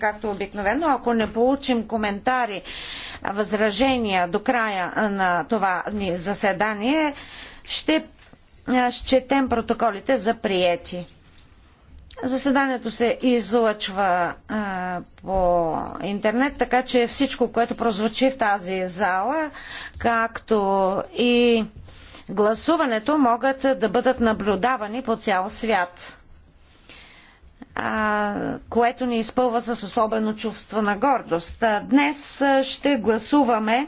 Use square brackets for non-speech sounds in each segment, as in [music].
както обикновено. Ако не получим коментари, възражения до края на това ни заседание, ще счетем протоколите за приети. Заседанието се излъчва а, по интернет, така че всичко, което прозвучи в тази зала, както и гласуването, могат да бъдат наблюдавани по цял свят което ни изпълва с особено чувство на гордост. Днес ще гласуваме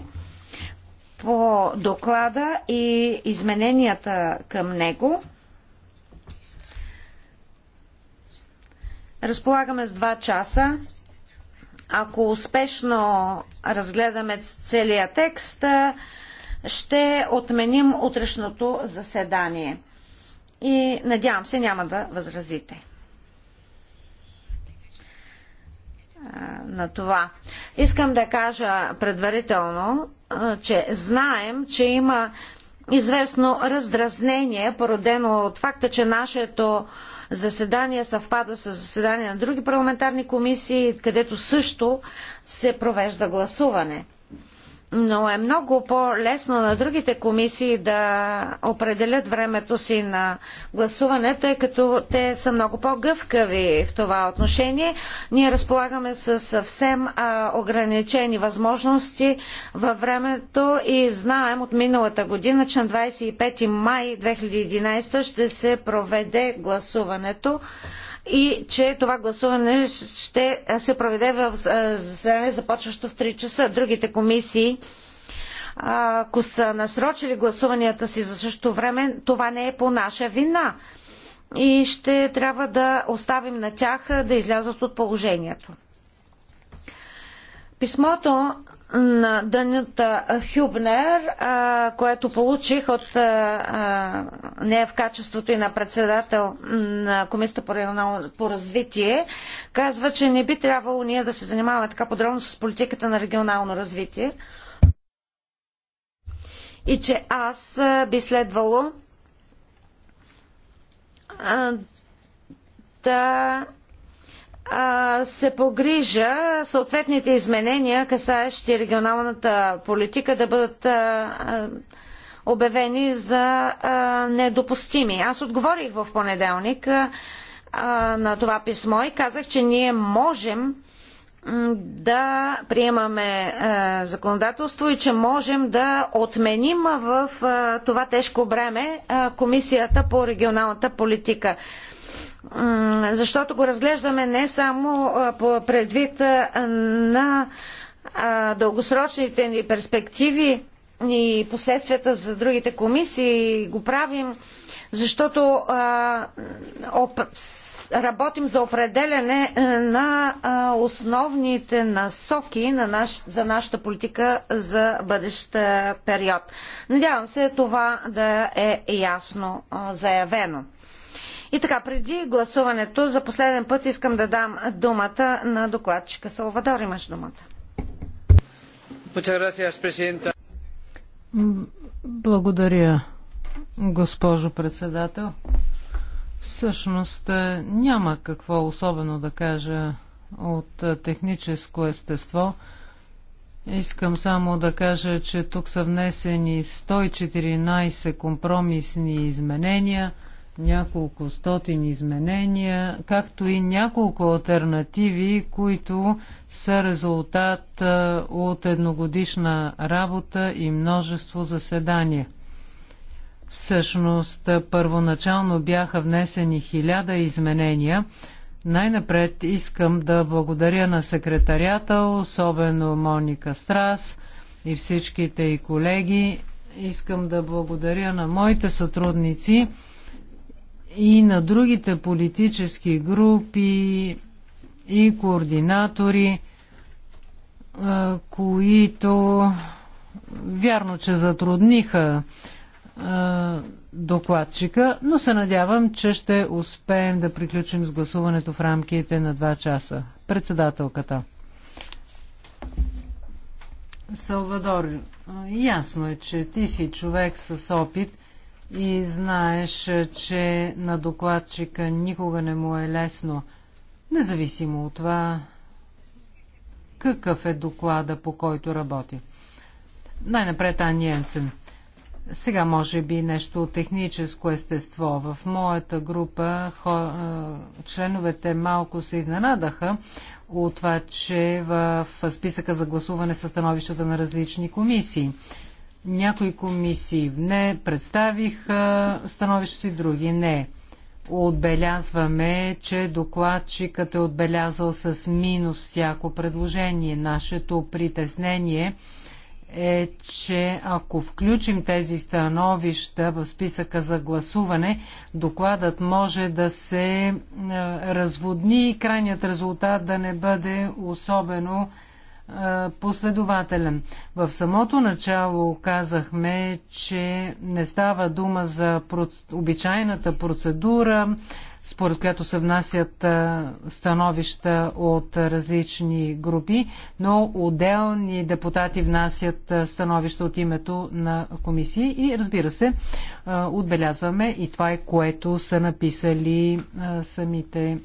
по доклада и измененията към него. Разполагаме с два часа. Ако успешно разгледаме целия текст, ще отменим утрешното заседание. И надявам се няма да възразите. на това. Искам да кажа предварително, че знаем, че има известно раздразнение, породено от факта, че нашето заседание съвпада с заседание на други парламентарни комисии, където също се провежда гласуване но е много по-лесно на другите комисии да определят времето си на гласуване, тъй като те са много по-гъвкави в това отношение. Ние разполагаме с съвсем а, ограничени възможности във времето и знаем от миналата година, че на 25 май 2011 ще се проведе гласуването и че това гласуване ще се проведе в заседание започващо в 3 часа. Другите комисии ако са насрочили гласуванията си за същото време, това не е по наша вина. И ще трябва да оставим на тях да излязат от положението. Писмото на Данита Хюбнер, което получих от нея в качеството и на председател на Комисията по регионално по развитие, казва, че не би трябвало ние да се занимаваме така подробно с политиката на регионално развитие и че аз би следвало да се погрижа съответните изменения, касаещи регионалната политика, да бъдат обявени за недопустими. Аз отговорих в понеделник на това писмо и казах, че ние можем да приемаме законодателство и че можем да отменим в това тежко бреме Комисията по регионалната политика защото го разглеждаме не само по предвид на дългосрочните ни перспективи и последствията за другите комисии, го правим, защото работим за определене на основните насоки за нашата политика за бъдещ период. Надявам се това да е ясно заявено. И така, преди гласуването, за последен път искам да дам думата на докладчика. Салвадор, имаш думата. Благодаря, госпожо председател. Всъщност е, няма какво особено да кажа от е, техническо естество. Искам само да кажа, че тук са внесени 114 компромисни изменения – няколко стотин изменения, както и няколко альтернативи, които са резултат от едногодишна работа и множество заседания. Всъщност, първоначално бяха внесени хиляда изменения. Най-напред искам да благодаря на секретарята, особено Моника Страс и всичките и колеги. Искам да благодаря на моите сътрудници, и на другите политически групи и координатори, които вярно, че затрудниха докладчика, но се надявам, че ще успеем да приключим с гласуването в рамките на 2 часа. Председателката. Салвадор, ясно е, че ти си човек с опит и знаеш, че на докладчика никога не му е лесно, независимо от това какъв е доклада, по който работи. Най-напред Ани Енсен. Сега може би нещо техническо естество. В моята група хо, членовете малко се изненадаха от това, че в списъка за гласуване са становищата на различни комисии. Някои комисии не представиха становище си, други не. Отбелязваме, че докладчикът е отбелязал с минус всяко предложение. Нашето притеснение е, че ако включим тези становища в списъка за гласуване, докладът може да се е, разводни и крайният резултат да не бъде особено последователен. В самото начало казахме, че не става дума за обичайната процедура, според която се внасят становища от различни групи, но отделни депутати внасят становища от името на комисии и разбира се, отбелязваме и това е което са написали самите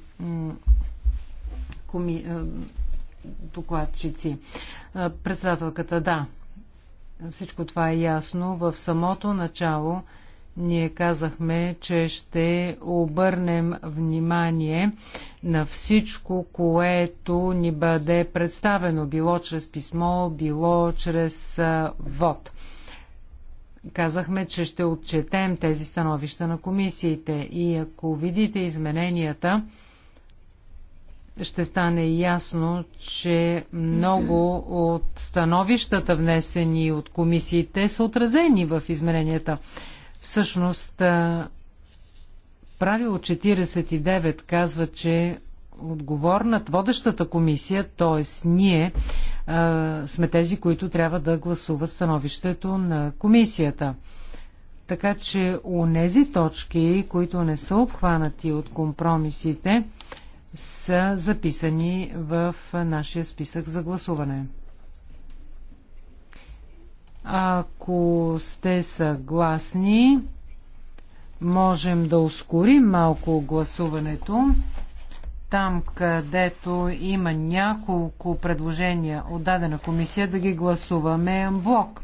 докладчици. Председателката, да, всичко това е ясно. В самото начало ние казахме, че ще обърнем внимание на всичко, което ни бъде представено, било чрез писмо, било чрез вод. Казахме, че ще отчетем тези становища на комисиите и ако видите измененията, ще стане ясно, че много от становищата, внесени от комисиите, са отразени в измеренията. Всъщност, правило 49 казва, че отговорната, водещата комисия, т.е. ние, сме тези, които трябва да гласуват становището на комисията. Така че у нези точки, които не са обхванати от компромисите, са записани в нашия списък за гласуване. Ако сте съгласни, можем да ускорим малко гласуването. Там, където има няколко предложения от дадена комисия, да ги гласуваме блок.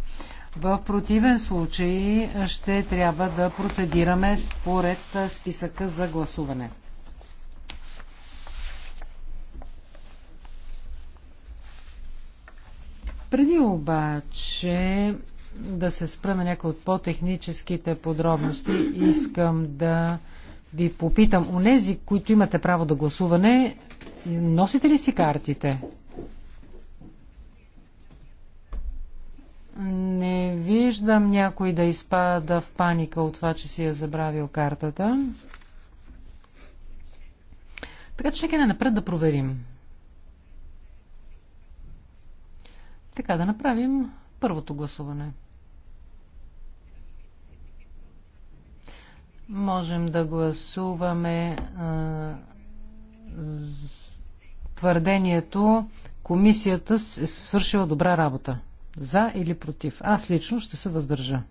В противен случай ще трябва да процедираме според списъка за гласуване. Преди обаче да се спра на някои от по-техническите подробности, искам да ви попитам, онези, които имате право да гласуване, носите ли си картите? Не виждам някой да изпада в паника от това, че си е забравил картата. Така че нека не напред да проверим. Така да направим първото гласуване. Можем да гласуваме а, твърдението комисията е свършила добра работа. За или против? Аз лично ще се въздържа.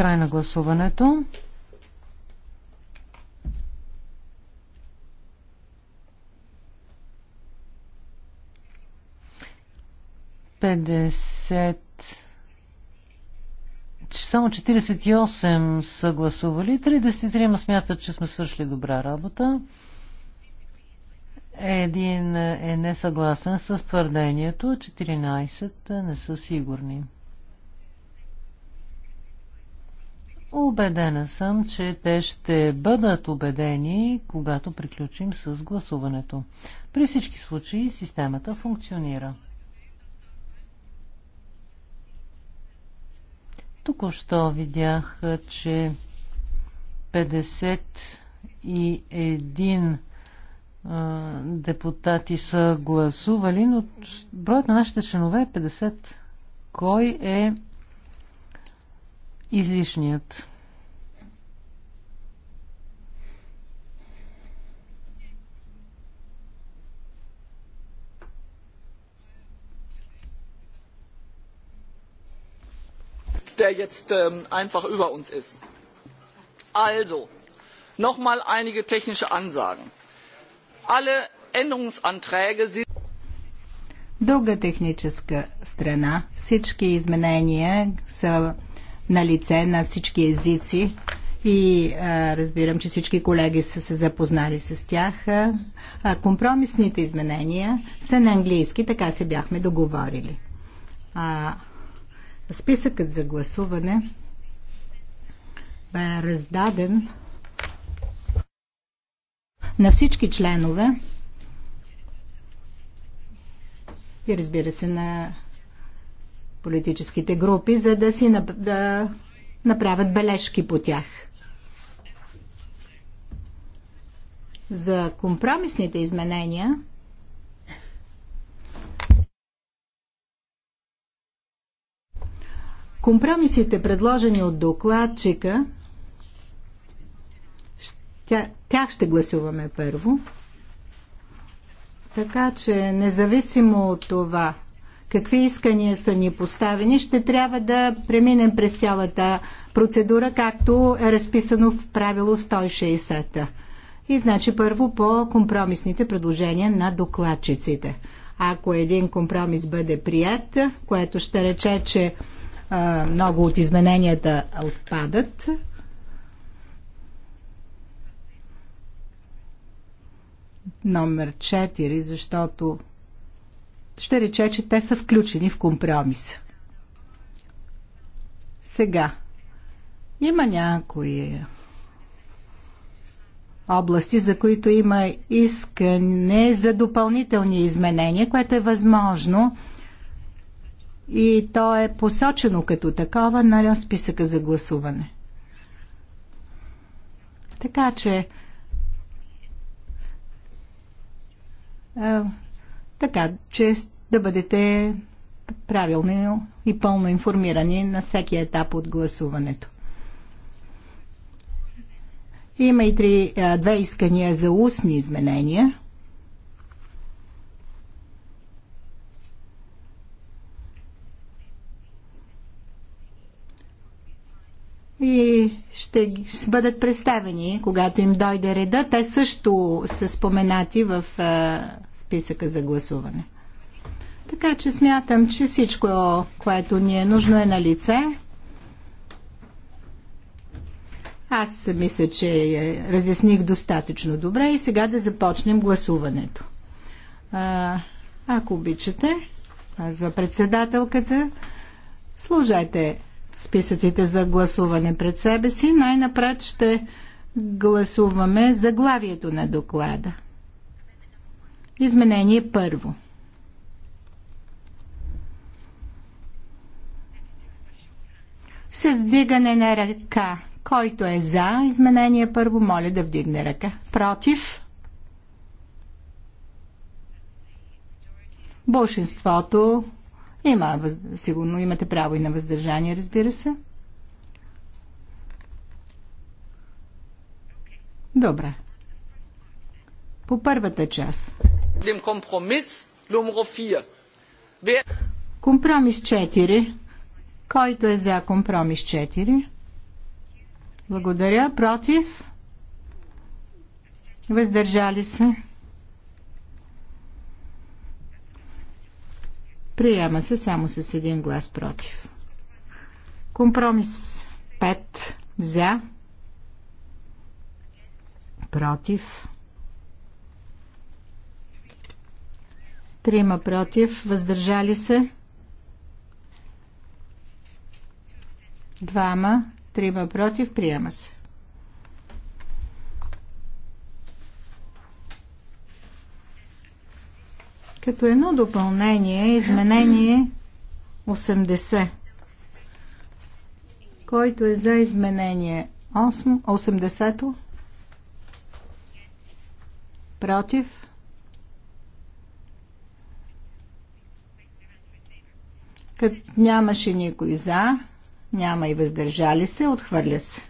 Край на гласуването. 50. Само 48 са гласували. 33 смятат, че сме свършили добра работа. Един е несъгласен с твърдението, 14 не са сигурни. Убедена съм, че те ще бъдат убедени, когато приключим с гласуването. При всички случаи системата функционира. Току-що видях, че 51 а, депутати са гласували, но броят на нашите членове е 50. Кой е излишният. der jetzt ähm, einfach über uns ist. Also, noch mal einige technische Ansagen. Alle Änderungsanträge sind Druga technische Strana, Всички изменения са на лице на всички езици и а, разбирам, че всички колеги са се запознали с тях. А, компромисните изменения са на английски, така се бяхме договорили. А, списъкът за гласуване бе раздаден на всички членове и разбира се на политическите групи, за да си да направят бележки по тях. За компромисните изменения Компромисите, предложени от докладчика, тях ще гласуваме първо. Така че, независимо от това, какви искания са ни поставени, ще трябва да преминем през цялата процедура, както е разписано в правило 160. И значи първо по компромисните предложения на докладчиците. Ако един компромис бъде прият, което ще рече, че а, много от измененията отпадат, номер 4, защото ще рече, че те са включени в компромис. Сега, има някои области, за които има искане за допълнителни изменения, което е възможно и то е посочено като такова на списъка за гласуване. Така че така че да бъдете правилно и пълно информирани на всеки етап от гласуването. Има и три, две искания за устни изменения. и ще бъдат представени, когато им дойде реда. Те също са споменати в списъка за гласуване. Така че смятам, че всичко, което ни е нужно е на лице. Аз мисля, че разясних достатъчно добре и сега да започнем гласуването. А, ако обичате, казва председателката, служете списъците за гласуване пред себе си. Най-напред ще гласуваме заглавието на доклада. Изменение първо. С дигане на ръка. Който е за изменение първо, моля да вдигне ръка. Против? Большинството има, сигурно имате право и на въздържание, разбира се. Добре. По първата част. Dem Kompromiss Nummer 4. Wer... Компромис 4. Който е за компромис 4? Благодаря. Против? Въздържали се? Приема се само с един глас против. Компромис 5 за. Против. Трима против. Въздържали се. Двама. Трима против. Приема се. Като едно допълнение, изменение 80. Който е за изменение 8, 80 Против? Като нямаше никой за, няма и въздържали се, отхвърля се.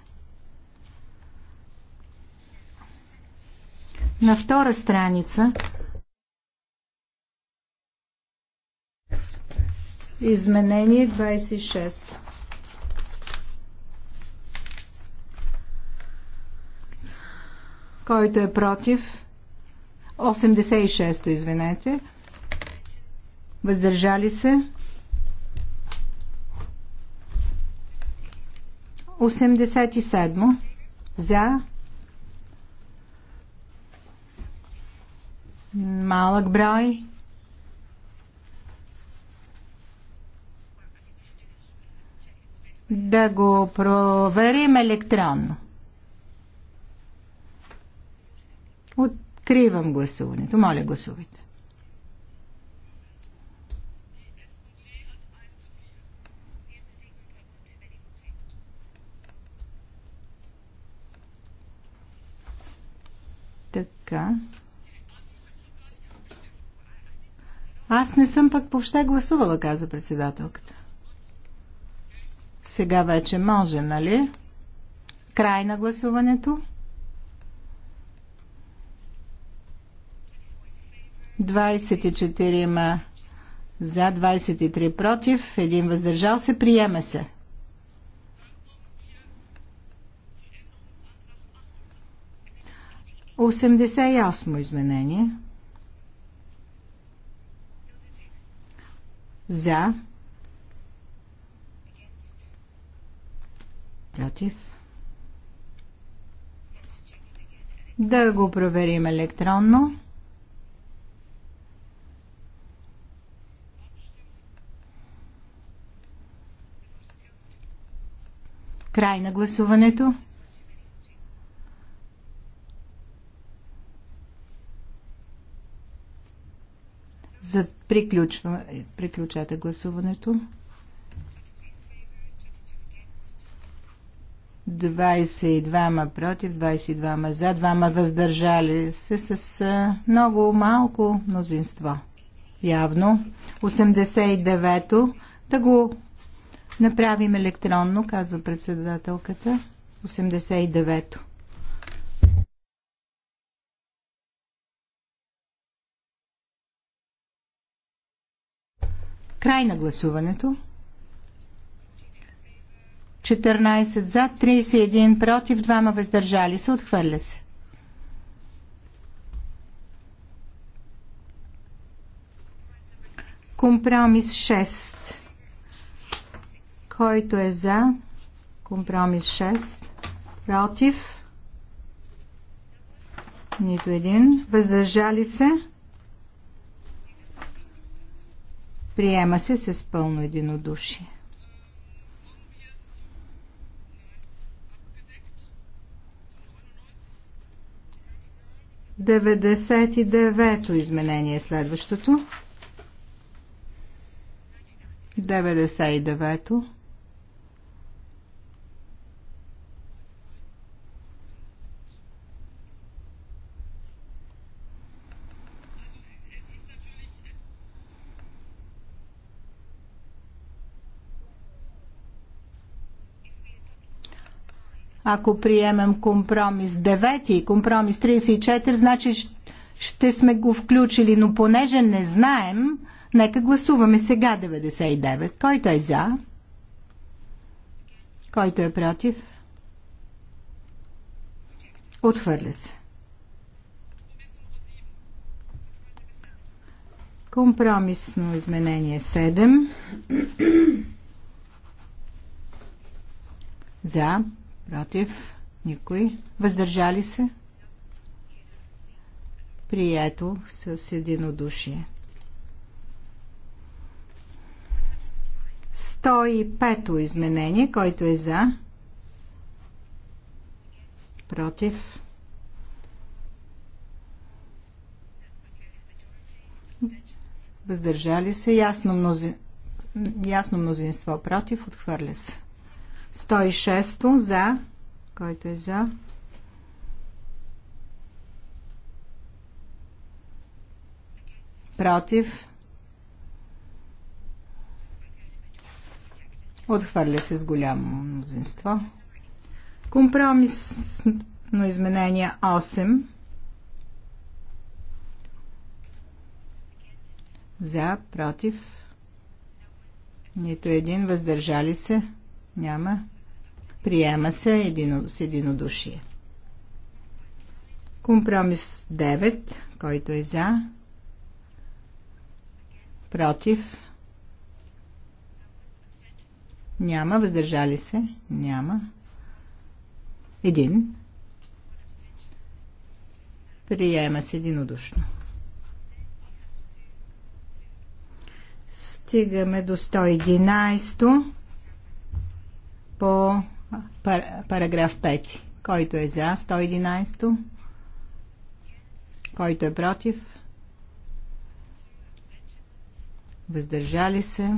На втора страница изменение 26. Който е против 86-то, извинете. Въздържали се 87 за малък брой да го проверим електронно. Откривам гласуването. Моля, гласувайте. така. Аз не съм пък въобще гласувала, каза председателката. Сега вече може, нали? Край на гласуването. 24 има за, 23 против, един въздържал се, приеме се. 88 изменение. За. Против. Да го проверим електронно. Край на гласуването. За приключва, приключете гласуването. 22 против, 22 за, 2 въздържали се с много малко мнозинство. Явно. 89-то. Да го направим електронно, казва председателката. 89-то. Край на гласуването. 14 за, 31 против, 2 въздържали се. Отхвърля се. Компромис 6. Който е за? Компромис 6. Против? Нито един. Въздържали се? Приема се с пълно единодушие. Деведесет и девето изменение е следващото. Деведесет и девето. Ако приемем компромис 9 и компромис 34, значи ще сме го включили, но понеже не знаем, нека гласуваме сега 99. Който е за? Който е против? Отхвърля се. Компромисно изменение 7. [clears throat] За. Против? Никой. Въздържали се? Прието с единодушие. 105-то изменение, който е за. Против. Въздържали се. Ясно, мнози... Ясно мнозинство против. Отхвърля се. 106 за, който е за. Против. Отхвърля се с голямо мнозинство. Компромисно изменение 8. За, против. Нито един въздържали се. Няма. Приема се едино, с единодушие. Компромис 9, който е за. Против. Няма. Въздържали се? Няма. Един. Приема се единодушно. Стигаме до 111 по пар, параграф 5. Който е за 111 Който е против? Въздържали се?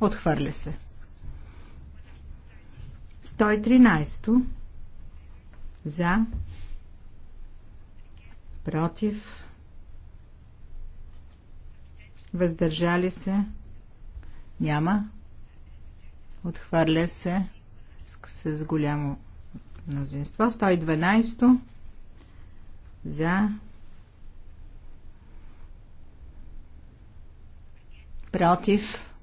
Отхвърля се. 113 За. Против. Въздържали се? Няма. Отхвърля се с голямо мнозинство. 112 за против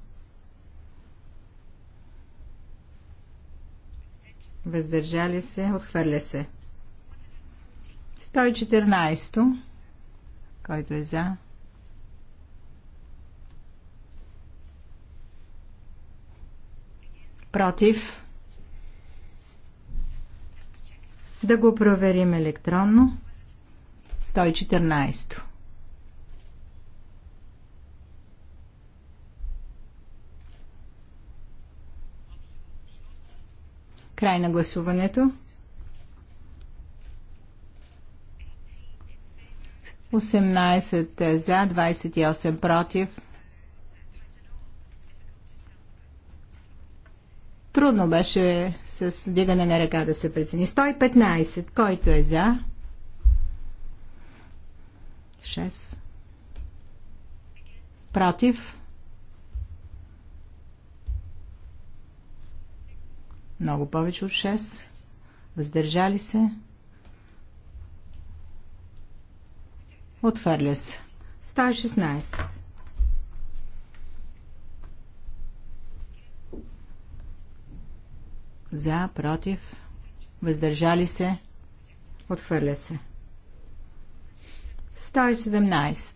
въздържали се, отхвърля се. 114 който е за против Да го проверим електронно. 114. Край на гласуването. 18 за, 28 против. Трудно беше с дигане на ръка да се прецени. 115. Който е за? 6. Против? Много повече от 6. Въздържали се? Отвърля се. 116. За, против, въздържали се, отхвърля се. 117.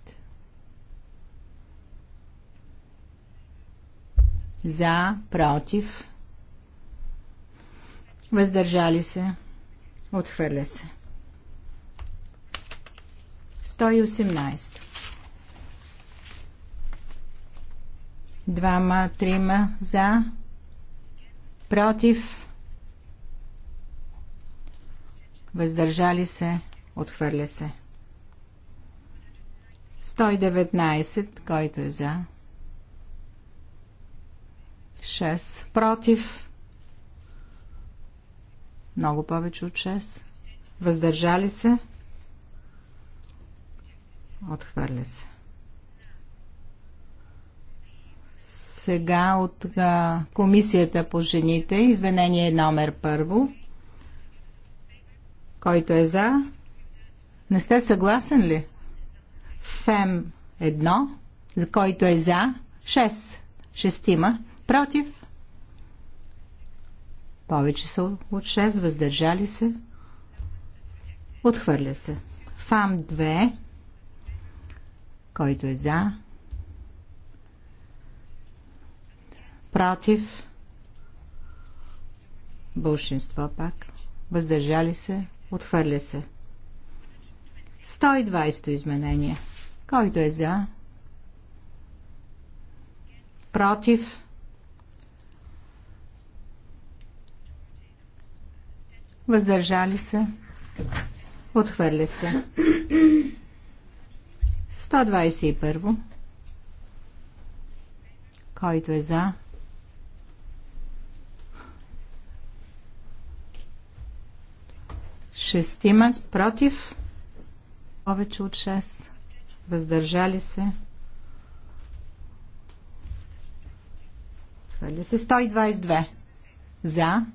За, против, въздържали се, отхвърля се. 118. Двама, трима за, против, въздържали се, отхвърля се. 119, който е за. 6 против. Много повече от 6. Въздържали се. Отхвърля се. Сега от а, комисията по жените, извинение номер първо. Който е за? Не сте съгласен ли? Фем едно, За който е за? 6. Шестима. Против? Повече са от 6. Въздържали се? Отхвърля се. Фам 2. Който е за? Против? Бълшинство пак. Въздържали се? Отхвърля се. 120 изменение. Който е за? Против? Въздържали се? Отхвърля се. 121. Който е за? Шестима против. Повече от шест. Въздържали се. ли се 122. За.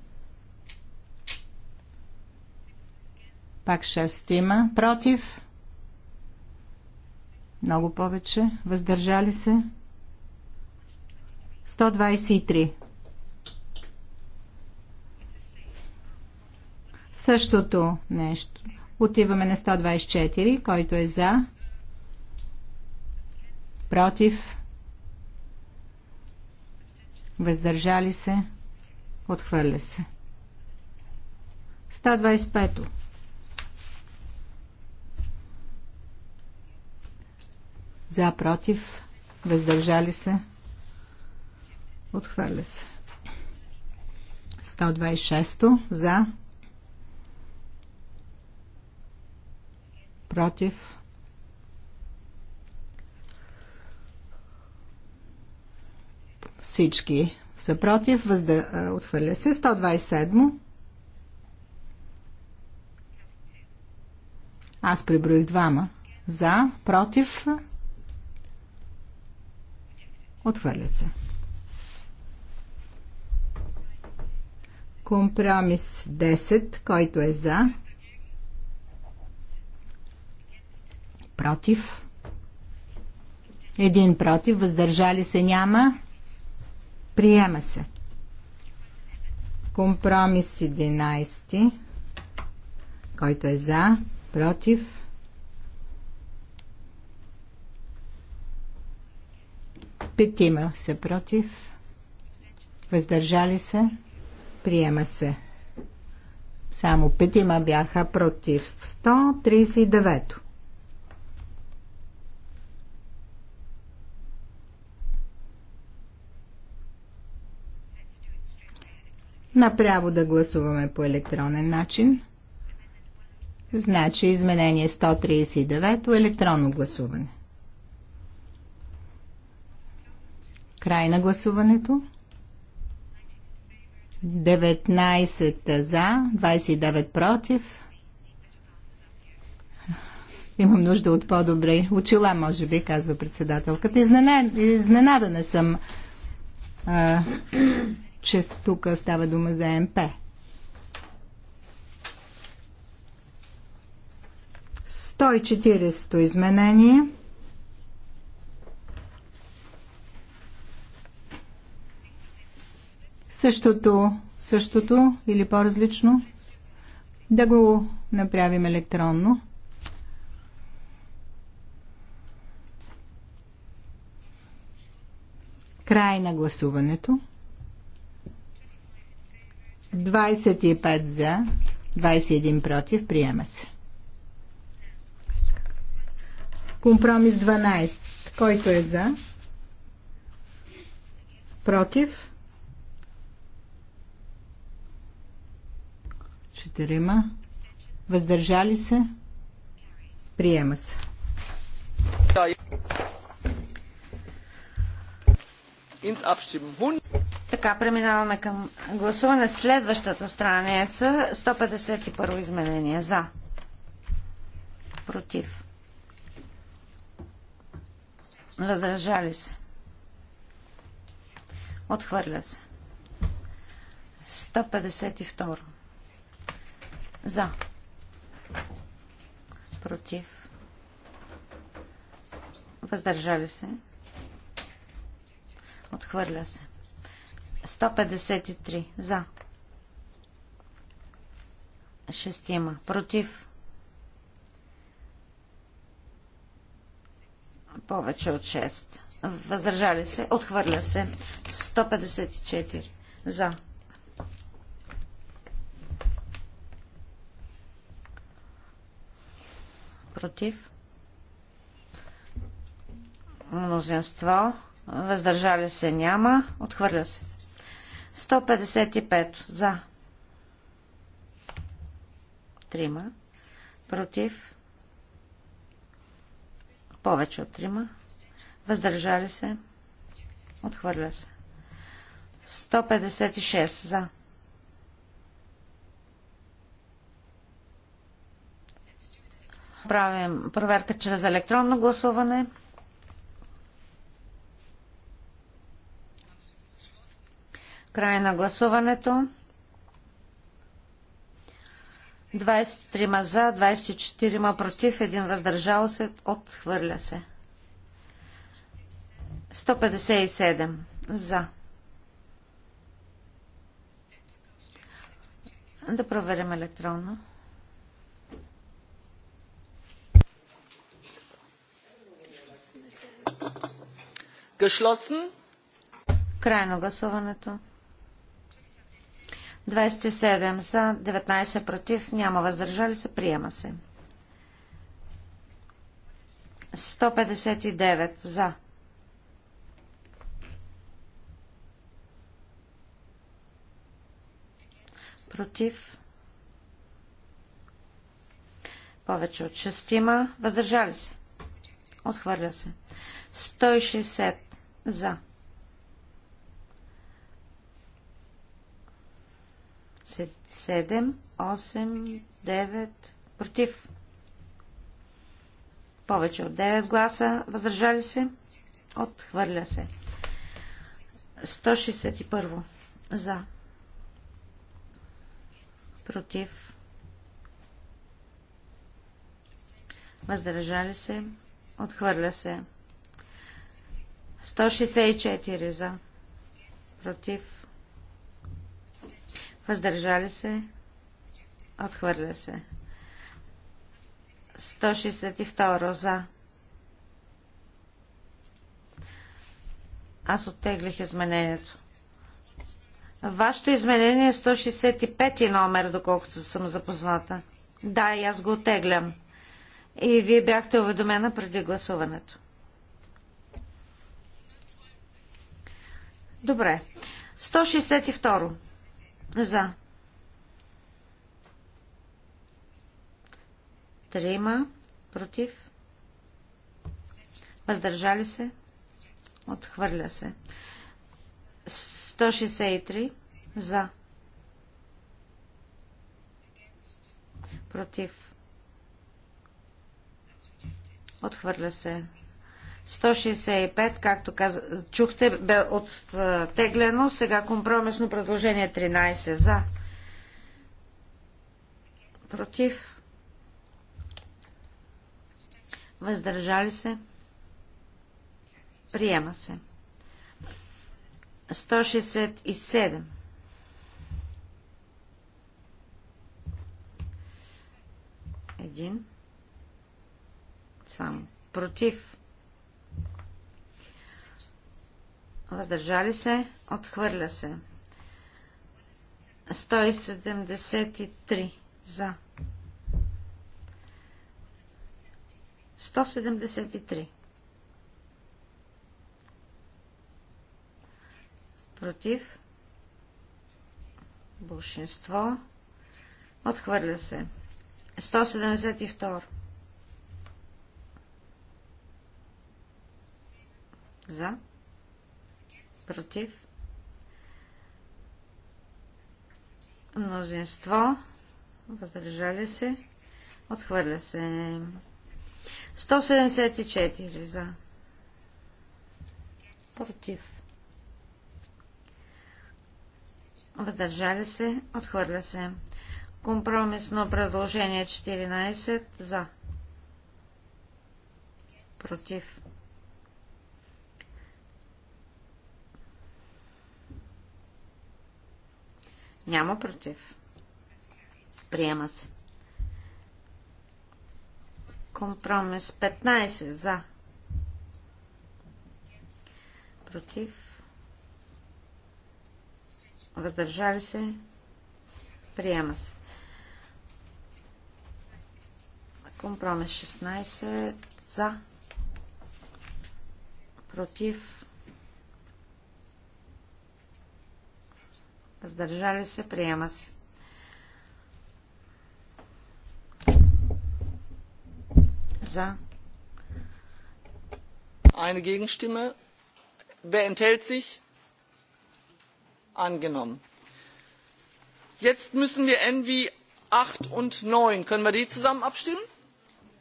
Пак шестима. Против. Много повече. Въздържали се. 123. Същото нещо. Отиваме на 124, който е за, против, въздържали се, отхвърля се. 125. За, против, въздържали се, отхвърля се. 126. За, против, всички са против, въздъ... отхвърля се 127. Аз приброих двама. За, против, отхвърля се. Компромис 10, който е за, против. Един против, въздържали се няма. Приема се. Компромис 11, който е за, против. Петима са против. Въздържали се. Приема се. Само петима бяха против. 139. Направо да гласуваме по електронен начин. Значи изменение 139 електронно гласуване. Край на гласуването. 19 за, 29 против. Имам нужда от по добри очила, може би, казва председателката. Изненадана съм. А, че тук става дума за МП. Той четиристо изменение. Същото, същото или по-различно. Да го направим електронно. Край на гласуването. 25 за, 21 против, приема се. Компромис 12. Който е за? Против? Четирима. Въздържали се? Приема се. Ins Abstimmen. Така, преминаваме към гласуване. Следващата страница, 151 изменение. За. Против. Въздържали се. Отхвърля се. 152. За. Против. Въздържали се. Отхвърля се. 153 за. Шестима. Против. Повече от 6. Въздържали се. Отхвърля се. 154 за. Против. Мнозинство. Въздържали се няма. Отхвърля се. 155 за. Трима. Против. Повече от трима. Въздържали се. Отхвърля се. 156 за. Правим проверка чрез електронно гласуване. Край на гласуването. 23 за, 24 против, 1 въздържал се, отхвърля се. 157 за. Да проверим електронно. Geschlossen. Край на гласуването. 27 са, 19 против, няма въздържали се, приема се. 159 за. Против. Повече от 6. има. Въздържали се. Отхвърля се. 160 за. 7, 8, 9, против. Повече от 9 гласа въздържали се. Отхвърля се. 161. За. Против. Въздържали се. Отхвърля се. 164 за. Против въздържали се, отхвърля се. 162 за. Аз оттеглих изменението. Вашето изменение е 165 номер, доколкото съм запозната. Да, и аз го оттеглям. И вие бяхте уведомена преди гласуването. Добре. 162. За. Трима. Против. Въздържали се. Отхвърля се. 163. За. Против. Отхвърля се. 165, както каза, чухте, бе оттеглено. Сега компромисно предложение 13 за. Против. Въздържали се. Приема се. 167. Един. Само. Против. въздържали се, отхвърля се. 173 за. 173 против большинство отхвърля се 172 за против, мнозинство, въздържали се, отхвърля се. 174 за, против, въздържали се, отхвърля се. Компромисно предложение 14 за, против, Няма против. Приема се. Компромис 15 за. Против. Въздържали се. Приема се. Компромис 16 за. Против въздържали се, приема се. За. Eine Gegenstimme. Wer enthält sich? Angenommen. Jetzt müssen wir NV 8 und 9. Können wir die zusammen abstimmen?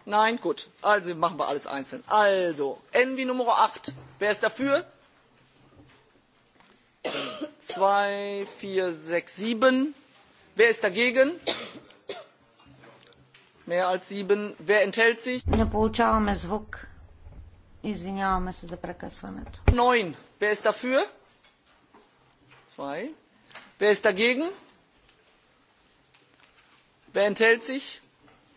Nein? Gut. Also machen wir alles einzeln. Also, NV Nummer 8. Wer ist dafür? Zwei, vier, sechs, sieben. Wer ist dagegen? Mehr als sieben. Wer enthält sich? Neun. Wer ist dafür? Zwei. Wer ist dagegen? Wer enthält sich?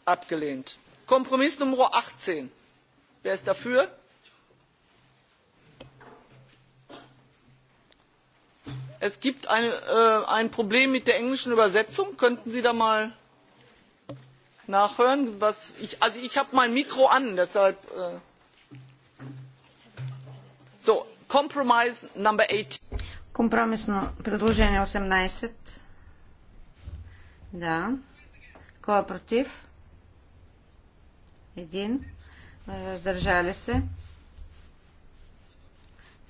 Abgelehnt. Kompromiss Nummer 18. Wer ist dafür? es gibt ein problem mit der englischen übersetzung könnten sie da mal nachhören? also ich habe mein mikro an deshalb so compromise number 18 компромисно предложение 18 да кой е против един въздържали се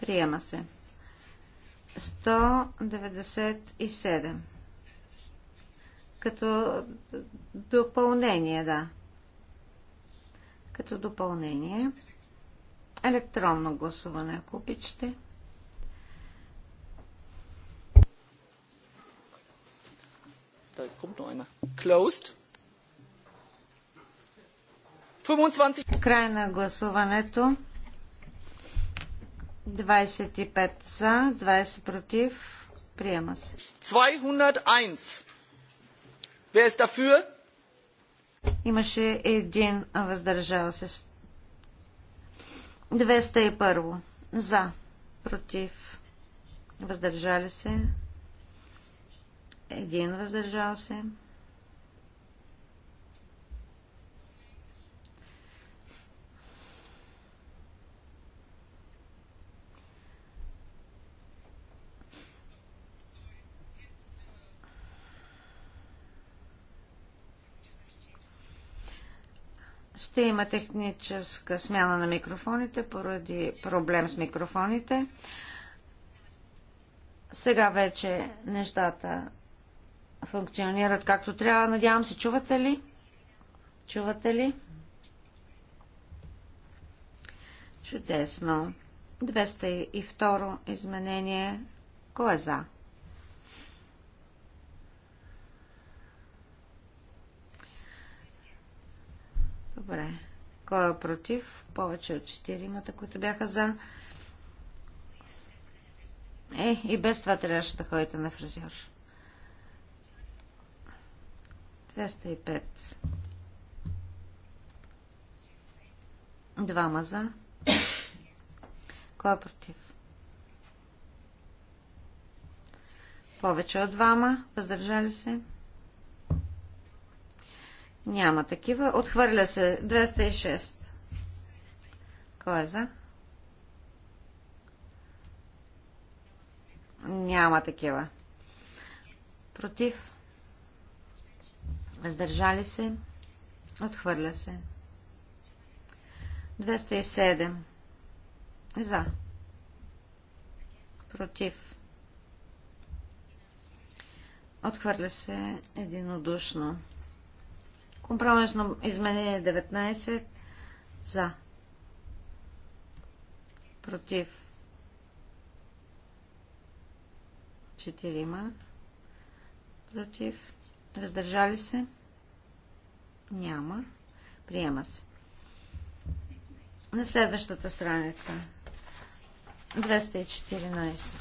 приема се 197. Като допълнение, да. Като допълнение. Електронно гласуване, ако обичате. Closed. 25. Край на гласуването. 25 за, 20 против. Приема се. 201. Wer ist dafür? Имаше един въздържал се. 201. За. Против. Въздържали се. Един въздържал се. Ще има техническа смяна на микрофоните поради проблем с микрофоните. Сега вече нещата функционират както трябва. Надявам се, чувате ли? Чувате ли? Чудесно. 202 изменение. Кой е за? Добре. Кой е против? Повече от 4-мата, които бяха за. Е, и без това трябваше да ходите на фризьор. 205. Двама за. Кой е против? Повече от двама. Въздържали се. Няма такива. Отхвърля се 206. Кой е за? Няма такива. Против. Въздържали се. Отхвърля се. 207. За. Против. Отхвърля се единодушно. Компромисно изменение 19 за. Против 4. Против. Раздържали се? Няма. Приема се. На следващата страница. 214.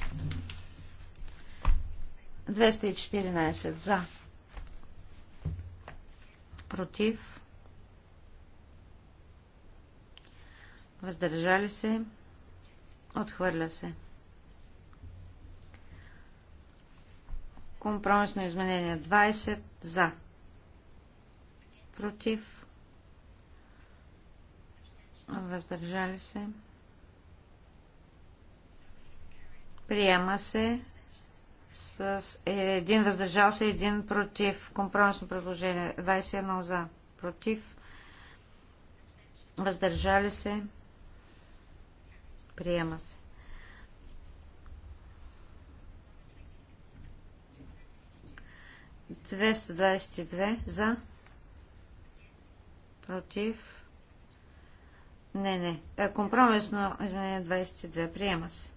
214 за против, въздържали се, отхвърля се. Компромисно изменение 20 за, против, въздържали се, приема се с е един въздържал се, един против. Компромисно предложение. 21 за. Против. Въздържали се. Приема се. Двеста за. Против. Не, не. Е, компромисно изменение 22. Приема се.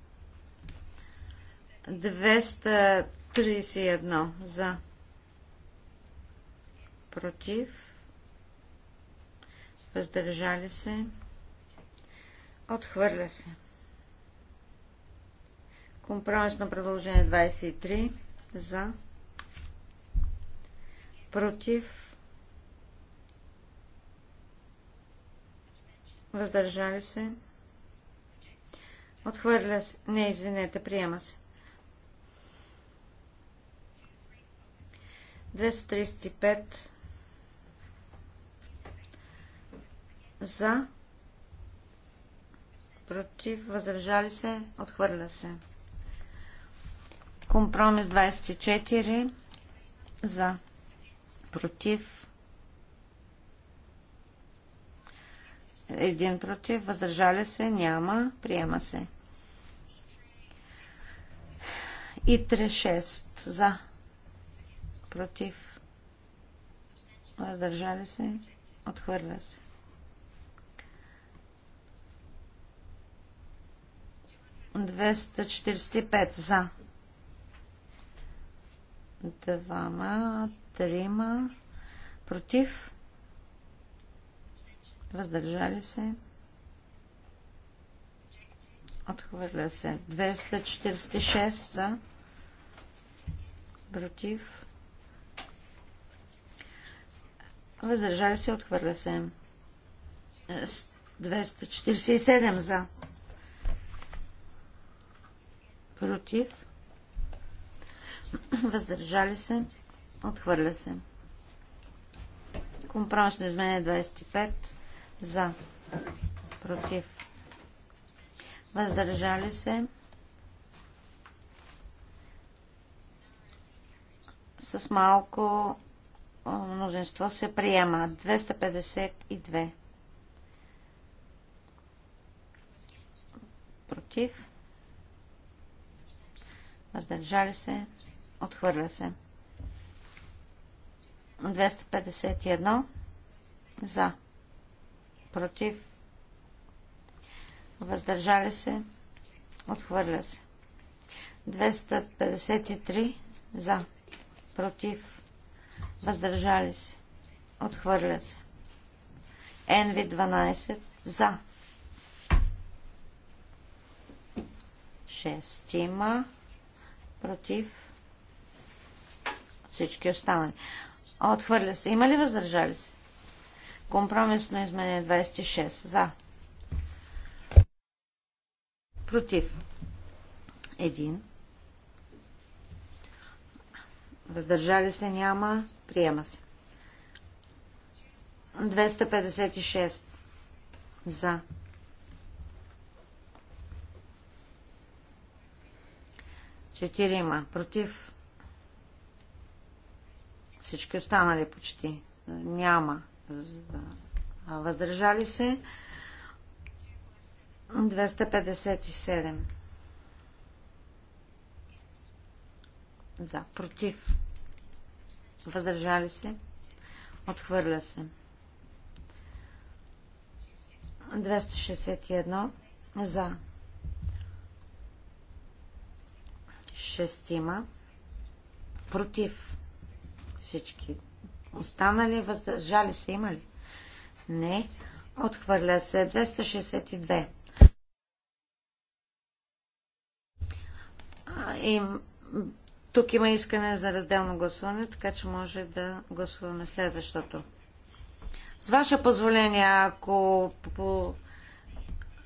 231 за. Против. Въздържали се. Отхвърля се. Компромисно предложение 23 за. Против. Въздържали се. Отхвърля се. Не, извинете, приема се. 235 за, против, въздържали се, отхвърля се. Компромис 24 за, против, един против, въздържали се, няма, приема се. И 3-6 за, против, въздържали се, отхвърля се. 245 за. Двама, трима, против, въздържали се, отхвърля се. 246 за, против, Въздържали се, отхвърля се. 247 за. Против. Въздържали се. Отхвърля се. Компромисно изменение 25 за. Против. Въздържали се. С малко мнозинство се приема. 252. Против. Въздържали се. Отхвърля се. 251. За. Против. Въздържали се. Отхвърля се. 253. За. Против въздържали се, отхвърля се. Енви 12 за. Шестима против всички останали. Отхвърля се. Има ли въздържали се? Компромисно изменение 26 за. Против. Един. Въздържали се няма. Приема се. 256 за. Четирима против. Всички останали почти. Няма. Въздържали се. 257 за. Против въздържали се, отхвърля се. 261 за. Шестима. Против. Всички. Останали въздържали се има ли? Не. Отхвърля се. 262. Им тук има искане за разделно гласуване, така че може да гласуваме следващото. С ваше позволение, ако, по,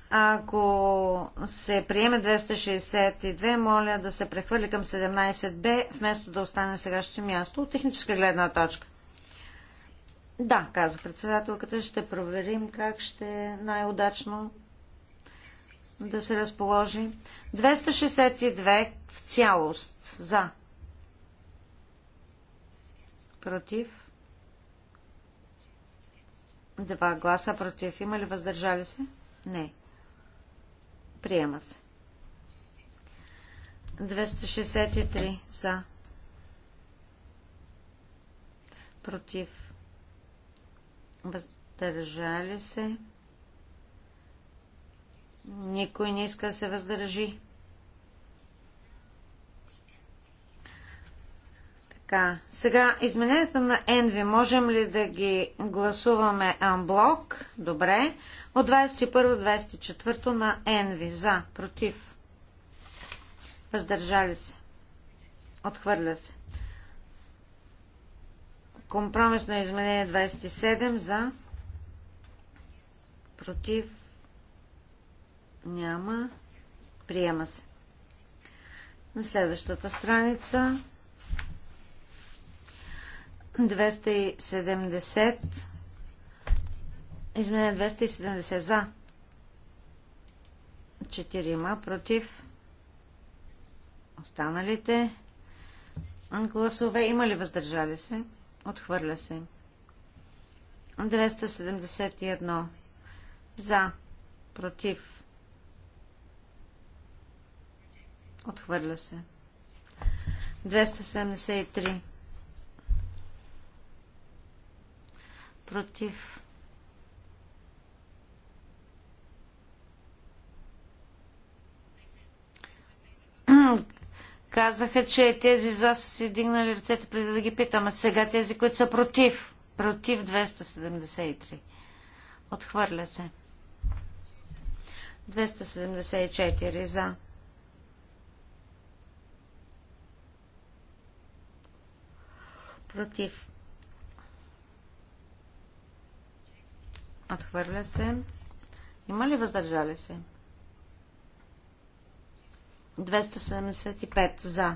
ако се приеме 262, моля да се прехвърли към 17b, вместо да остане сегашното място от техническа гледна точка. Да, казва председателката, ще проверим как ще най-удачно да се разположи. 262 в цялост за против, два гласа против. Има ли въздържали се? Не. Приема се. 263 за. Против. Въздържали се. Никой не иска да се въздържи. Така, сега измененията на Енви, можем ли да ги гласуваме анблок? Добре. От 21-24 на Енви. За, против. Въздържали се. Отхвърля се. Компромисно изменение 27 за. Против. Няма. Приема се. На следващата страница 270. Изменение 270 за. 4 против. Останалите гласове. Има ли въздържали се? Отхвърля се. 271 за. Против. Отхвърля се. 273 против. Казаха, че тези за са си дигнали ръцете преди да ги питаме. Сега тези, които са против. Против 273. Отхвърля се. 274 за. Против. Отхвърля се. Има ли въздържали се? 275 за.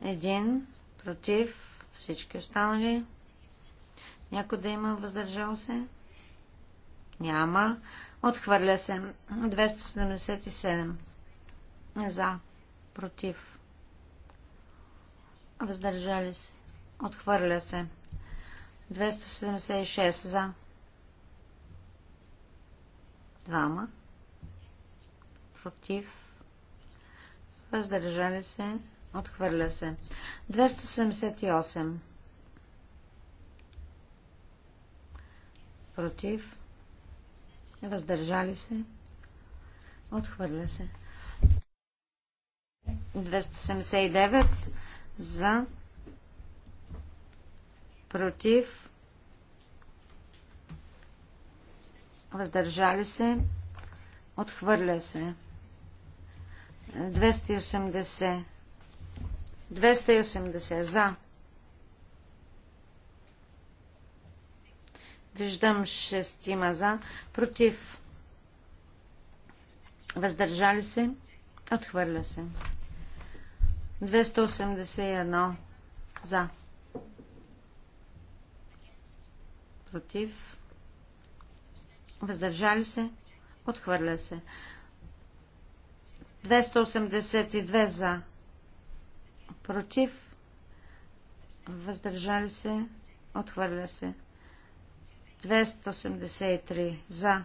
Един против всички останали. Някой да има въздържал се? Няма. Отхвърля се. 277 за. Против. Въздържали се. Отхвърля се. 276 за. Двама. Против. Въздържали се. Отхвърля се. 278. Против. Въздържали се. Отхвърля се. 279 за против, въздържали се, отхвърля се. 280. 280 за. Виждам шестима за. Против. Въздържали се. Отхвърля се. 281 за. против, въздържали се, отхвърля се. 282 за, против, въздържали се, отхвърля се. 283 за,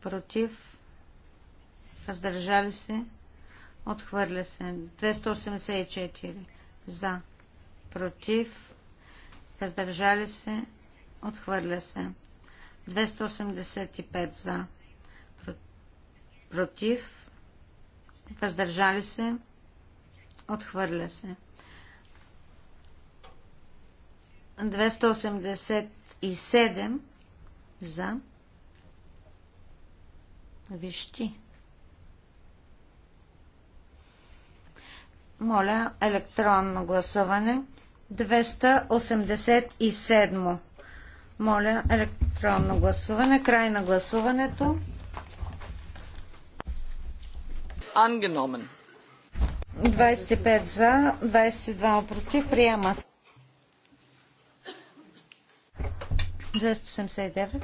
против, въздържали се, отхвърля се. 284 за, против, въздържали се, отхвърля се. 285 за, против, въздържали се, отхвърля се. 287 за, Вижти. Моля, електронно гласуване. 287. Моля, електронно гласуване. Край на гласуването. Ангеномен. 25 за, 22 против. Приема се. 289.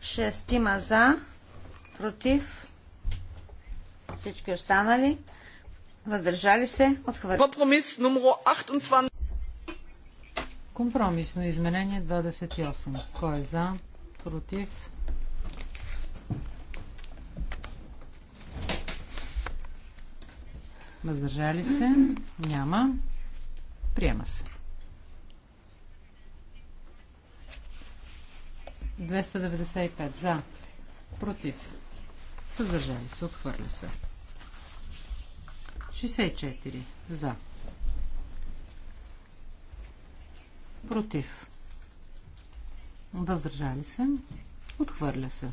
Шестима за, против. Всички останали. Въздържали се? Отхвърля. Компромис номер 28. Компромисно изменение 28. Кой е за? Против? Въздържали се? Няма. Приема се. 295 за. Против. Въздържали се. Отхвърля се. 64 за. Против. Въздържали се. Отхвърля се.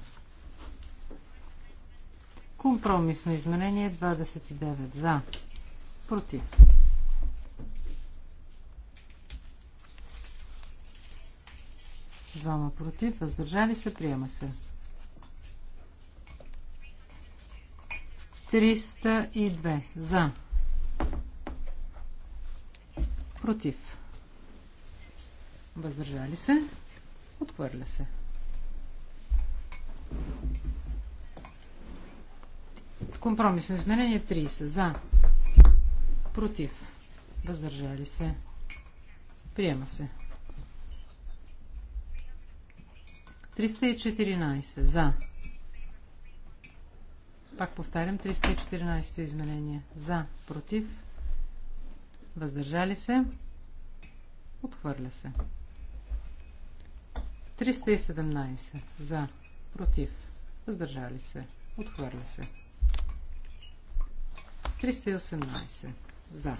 Компромисно изменение 29 за. Против. Зама против. Въздържали се. Приема се. 302 за. Против. Въздържали се. Отхвърля се. Компромисно изменение 30 за. Против. Въздържали се. Приема се. 314 за пак повтарям, 314 изменение. За, против, въздържали се, отхвърля се. 317. За, против, въздържали се, отхвърля се. 318. За,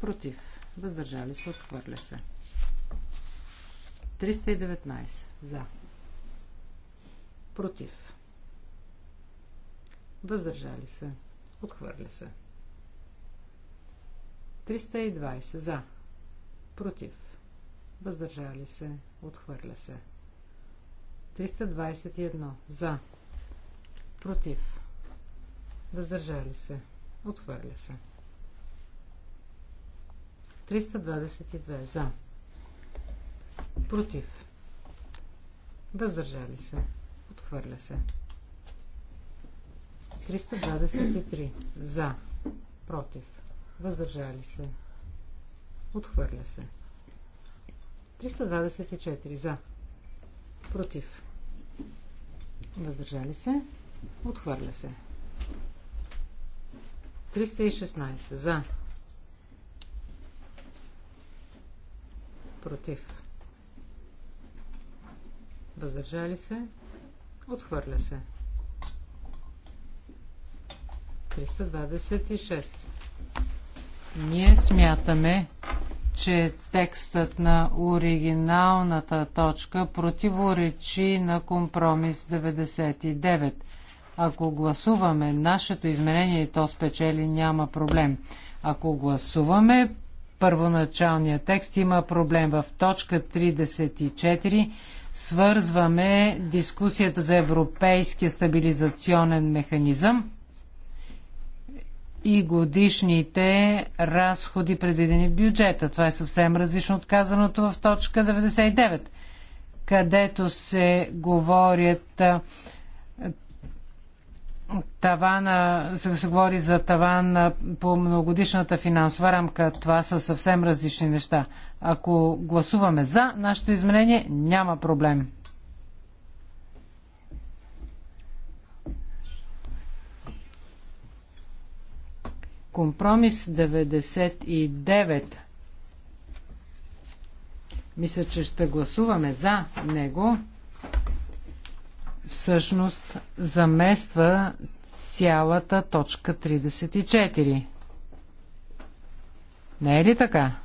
против, въздържали се, отхвърля се. 319. За, против, Въздържали се. Отхвърля се. 320 за. Против. Въздържали се. Отхвърля се. 321 за. Против. Въздържали се. Отхвърля се. 322 за. Против. Въздържали се. Отхвърля се. 323. За. Против. Въздържали се. Отхвърля се. 324. За. Против. Въздържали се. Отхвърля се. 316. За. Против. Въздържали се. Отхвърля се. 326. Ние смятаме, че текстът на оригиналната точка противоречи на компромис 99. Ако гласуваме нашето изменение и то спечели, няма проблем. Ако гласуваме първоначалния текст, има проблем. В точка 34 свързваме дискусията за Европейския стабилизационен механизъм и годишните разходи, предвидени в бюджета. Това е съвсем различно от казаното в точка 99, където се говорят тавана, се, се говори за таван по многогодишната финансова рамка. Това са съвсем различни неща. Ако гласуваме за нашето изменение, няма проблем. Компромис 99. Мисля, че ще гласуваме за него. Всъщност замества цялата точка 34. Не е ли така?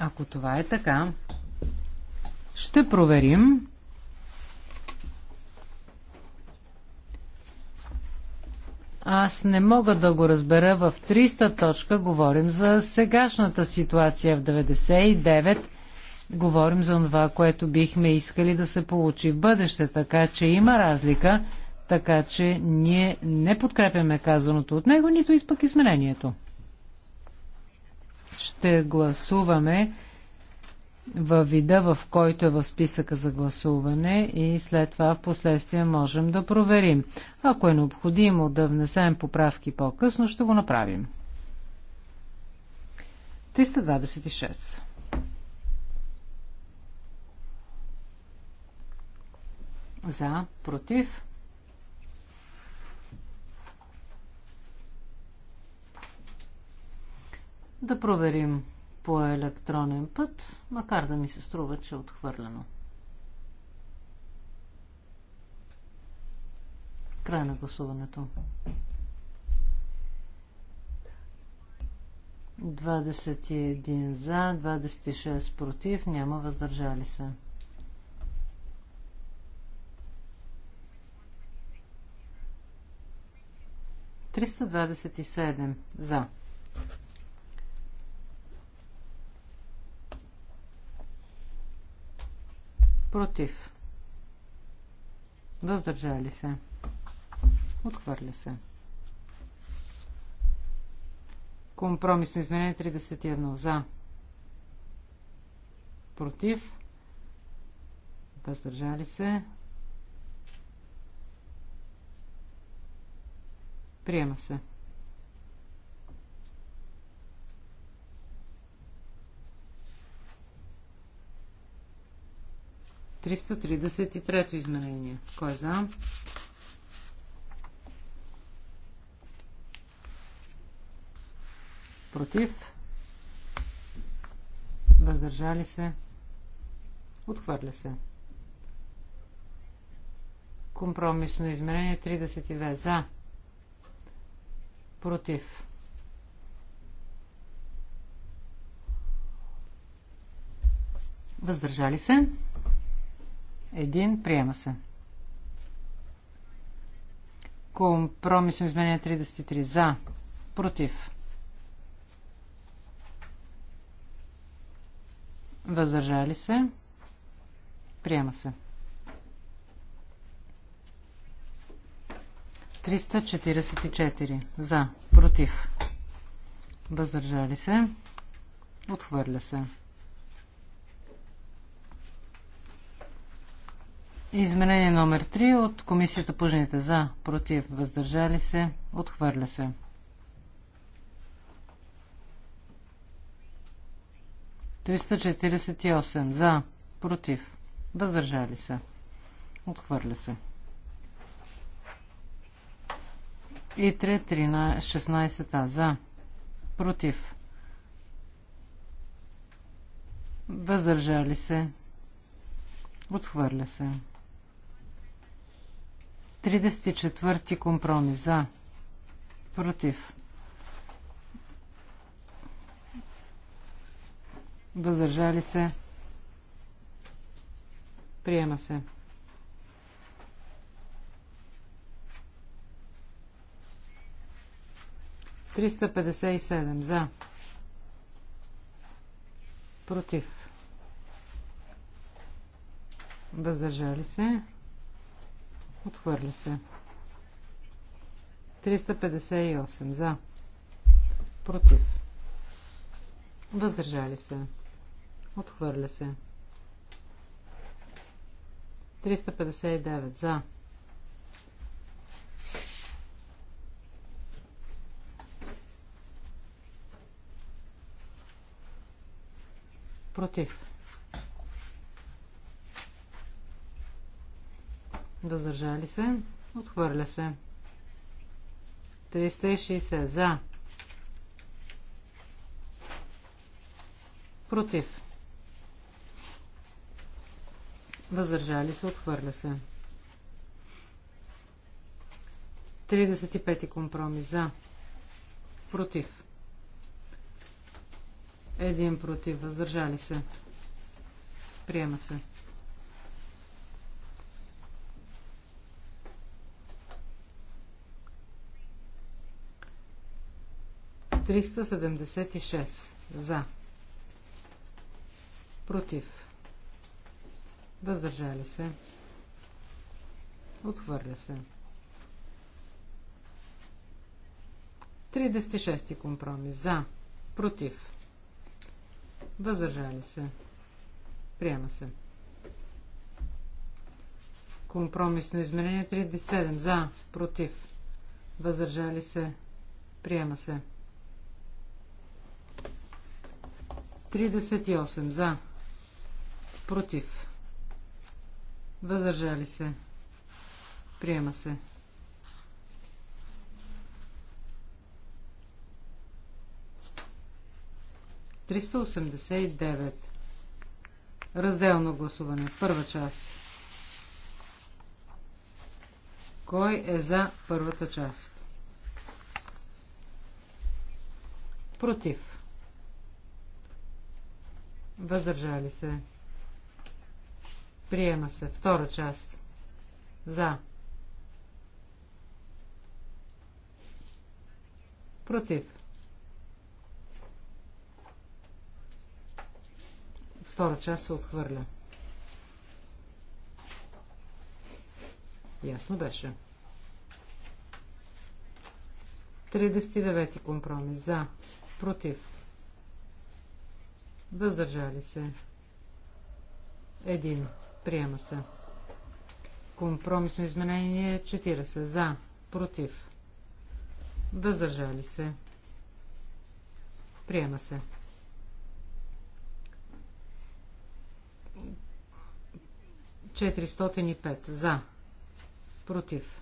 Ако това е така, ще проверим. Аз не мога да го разбера. В 300 точка говорим за сегашната ситуация в 99. Говорим за това, което бихме искали да се получи в бъдеще, така че има разлика, така че ние не подкрепяме казаното от него, нито изпък изменението. Ще гласуваме във вида, в който е в списъка за гласуване и след това в последствие можем да проверим. Ако е необходимо да внесем поправки по-късно, ще го направим. 326 За, против. Да проверим по електронен път, макар да ми се струва, че е отхвърлено. Край на гласуването. 21 за, 26 против, няма въздържали се. Триста двадесет и седем за. Против. Въздържали се. Отхвърля се. Компромисно изменение 31. За. Против. Въздържали се. Приема се. 333 изменение. Кой е за? Против? Въздържали се? Отхвърля се. Компромисно измерение 32. За. Против. Въздържали се? Един, Приема се. Компромисно изменение 33. За. Против. Въздържали се. Приема се. 344. За. Против. Въздържали се. Отхвърля се. Изменение номер 3 от Комисията по жените за, против, въздържали се, отхвърля се. Триста за, против, въздържали се, отхвърля се. И 3, 13, 16 за, против, въздържали се, отхвърля се. 34 ти компромис за. Против. Въздържали се. Приема се. Триста пятьдесят и седем за. Против. Въздържали се. Триста пятьдесят Отхвърля се. 358 за. Против. Въздържали се. Отхвърля се. 359 за. Против. Въздържали се. Отхвърля се. 360 за. Против. Въздържали се. Отхвърля се. 35 компромис за. Против. Един против. Въздържали се. Приема се. 376. За. Против. Въздържали се. Отхвърля се. 36 компромис. За. Против. Въздържали се. Приема се. Компромисно изменение 37. За. Против. Въздържали се. Приема се. 38 за. Против. Въздържали се. Приема се. Триста осемдесет девет. Разделно гласуване. Първа част. Кой е за първата част? Против. Въздържали се. Приема се. Втора част. За. Против. Втора част се отхвърля. Ясно беше. 39 компромис. За. Против. Въздържали се. Един. Приема се. Компромисно изменение 40. За. Против. Въздържали се. Приема се. Четиристотин и пет. За. Против.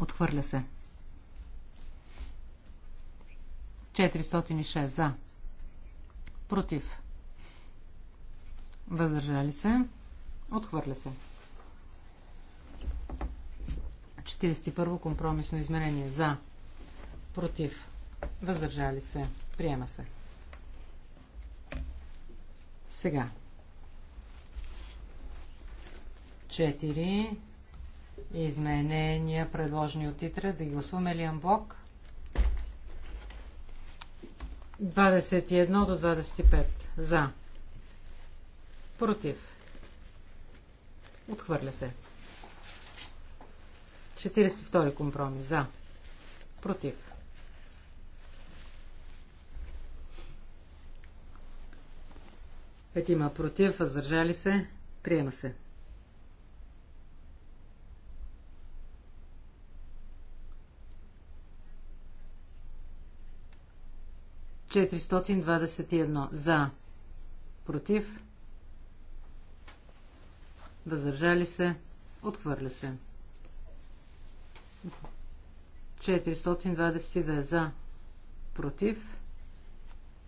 Отхвърля се. 406 за. Против. Въздържали се. Отхвърля се. 41 компромисно изменение за. Против. Въздържали се. Приема се. Сега. 4 изменения, предложени от титра. Да ги гласуваме ли амблок? 4 21 до 25. За. Против. Отхвърля се. 42 компромис. За. Против. Петима против, въздържали се, приема се. 421 за, против, въздържали се, отхвърля се. 422 за, против,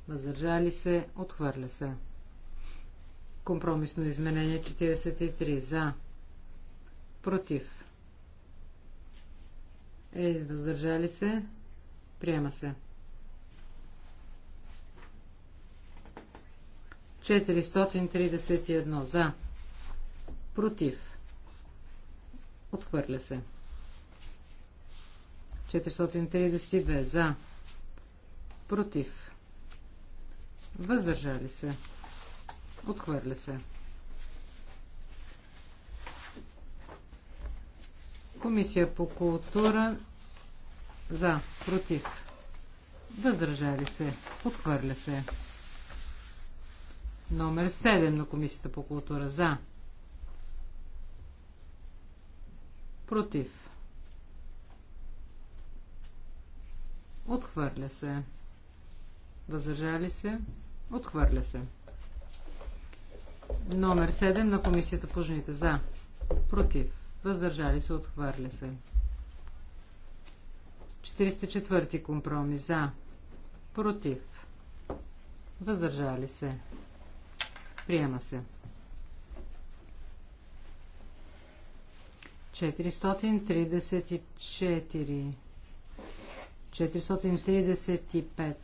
въздържали се, отхвърля се. Компромисно изменение 43 за, против, е, въздържали се, приема се. 431 за. Против. Отхвърля се. 432 за. Против. Въздържали се. Отхвърля се. Комисия по култура за, против. Въздържали се. Отхвърля се. Номер 7 на Комисията по култура. За. Против. Отхвърля се. Въздържали се. Отхвърля се. Номер 7 на Комисията по жените. За. Против. Въздържали се. Отхвърля се. 44 компромис. За. Против. Въздържали се. Приема се. 434. 435.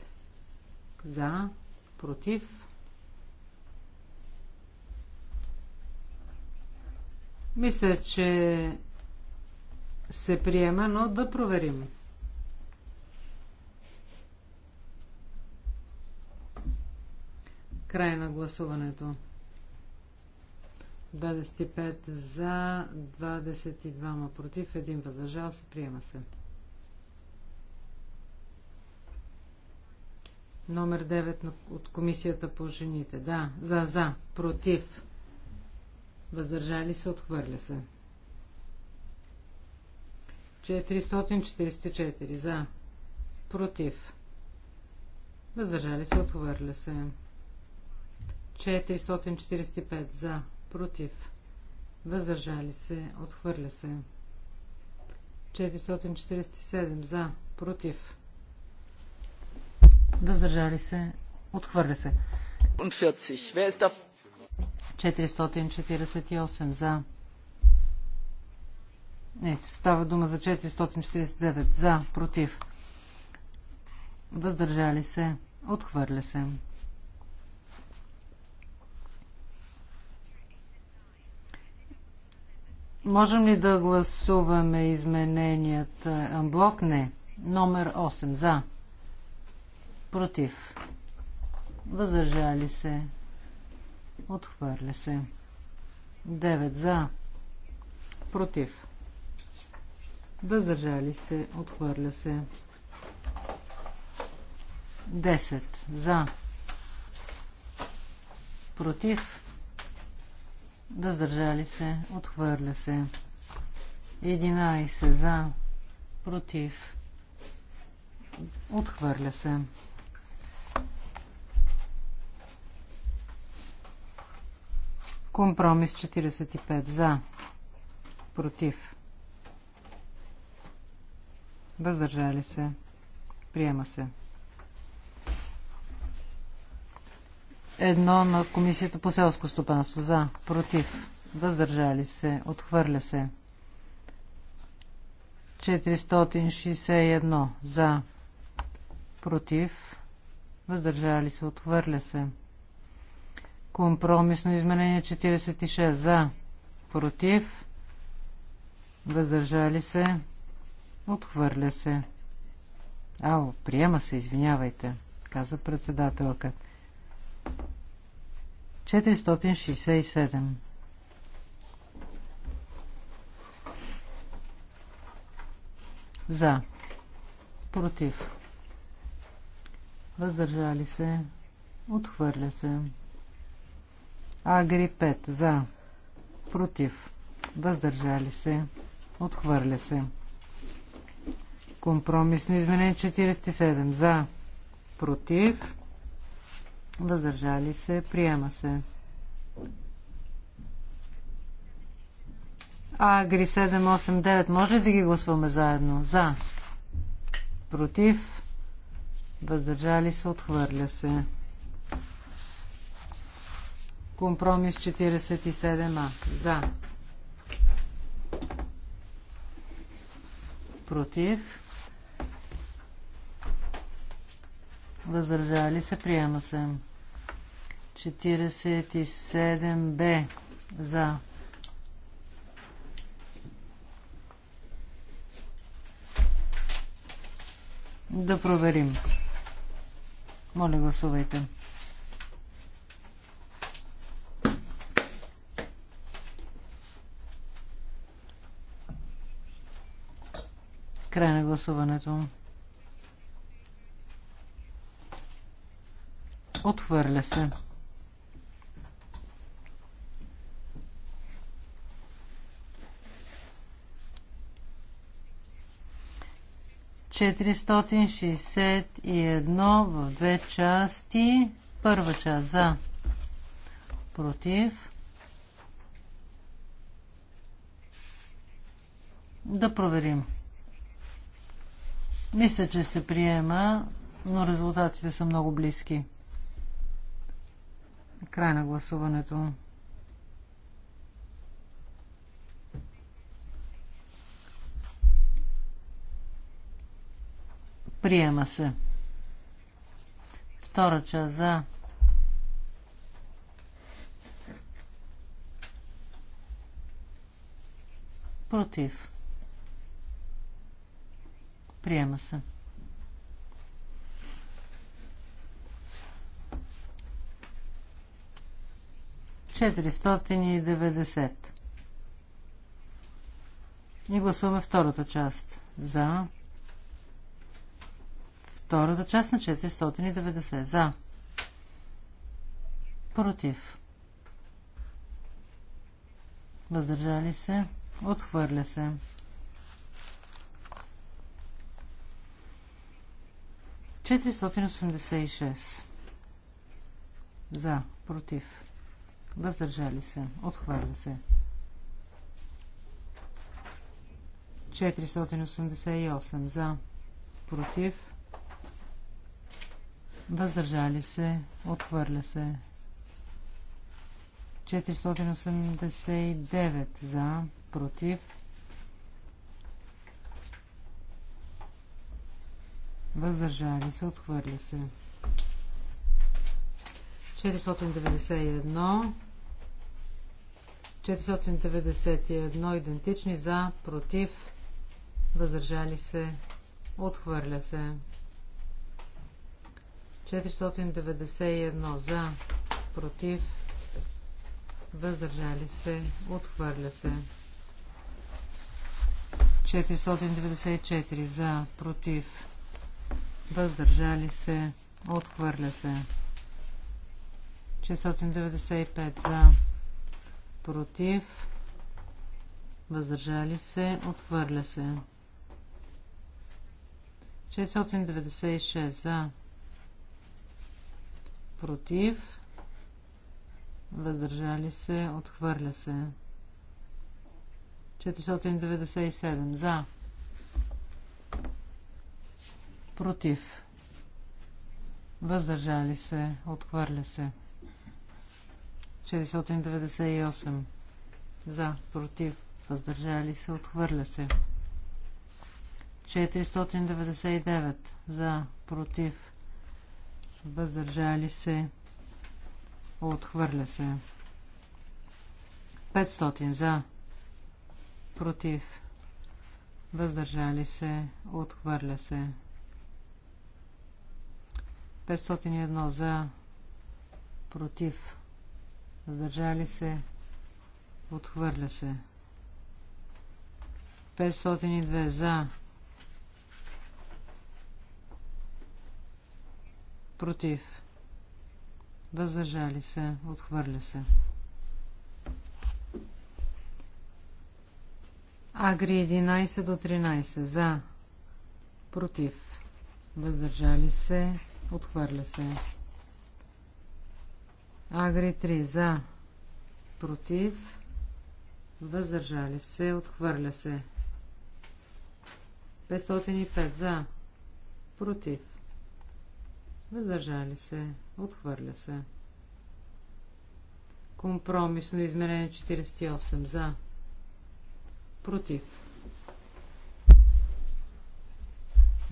За. Против. Мисля, че се приема, но да проверим. Край на гласуването. 25 за, 22 против, 1 въздържал се. Приема се. Номер 9 от комисията по жените. Да, за, за, против. Въздържали се, отхвърля се. 444 за, против. Въздържали се, отхвърля се. 445 за, против, въздържали се, отхвърля се. 447 за, против, въздържали се, отхвърля се. 448 за. Не, става дума за 449 за, против, въздържали се, отхвърля се. Можем ли да гласуваме измененията амблок? Не. Номер 8. За. Против. Въздържали се. Отхвърля се. 9. За. Против. Въздържали се. Отхвърля се. 10. За. Против. Въздържали се. Отхвърля се. 11 за. Против. Отхвърля се. Компромис 45 за. Против. Въздържали се. Приема се. едно на Комисията по селско стопанство. За, против, въздържали се, отхвърля се. 461 за, против, въздържали се, отхвърля се. Компромисно изменение 46 за, против, въздържали се, отхвърля се. Ао, приема се, извинявайте, каза председателката. 467. За. Против. Въздържали се. Отхвърля се. Агри 5. За. Против. Въздържали се. Отхвърля се. Компромисно изменение 47. За. Против. Въздържали се. Приема се. Агри 789. Може ли да ги гласуваме заедно? За. Против. Въздържали се. Отхвърля се. Компромис 47А. За. Против. въздържали се, приема се. 47Б за. Да проверим. Моля, гласувайте. Край на гласуването. Отхвърля се. Четиристотин в две части. Първа част за. Против. Да проверим. Мисля, че се приема, но резултатите са много близки. Край на гласуването. Приема се. Втора част за. Против. Приема се. 490. И гласуваме втората част. За. Втората част на 490. За. Против. Въздържали се. Отхвърля се. Четиристотин За. Против. Въздържали се. Отхвърля се. 488 за. Против. Въздържали се. Отхвърля се. 489 за. Против. Въздържали се. Отхвърля се. 491 491 идентични за, против, въздържали се, отхвърля се. 491 за, против, въздържали се, отхвърля се. 494 за, против, въздържали се, отхвърля се. 695 за, против, въздържали се, отхвърля се. 696 за, против, въздържали се, отхвърля се. 497 за, против, въздържали се, отхвърля се. 498 за, против, въздържали се, отхвърля се. 499 за, против, въздържали се, отхвърля се. 500 за, против, въздържали се, отхвърля се. 501 за, против, въздържали се, отхвърля се. 502 за, против, въздържали се, отхвърля се. Агри 11 до 13 за, против, въздържали се, отхвърля се. Агри 3 за, против, въздържали се, отхвърля се. 505 за, против, въздържали се, отхвърля се. Компромисно измерение 48 за, против,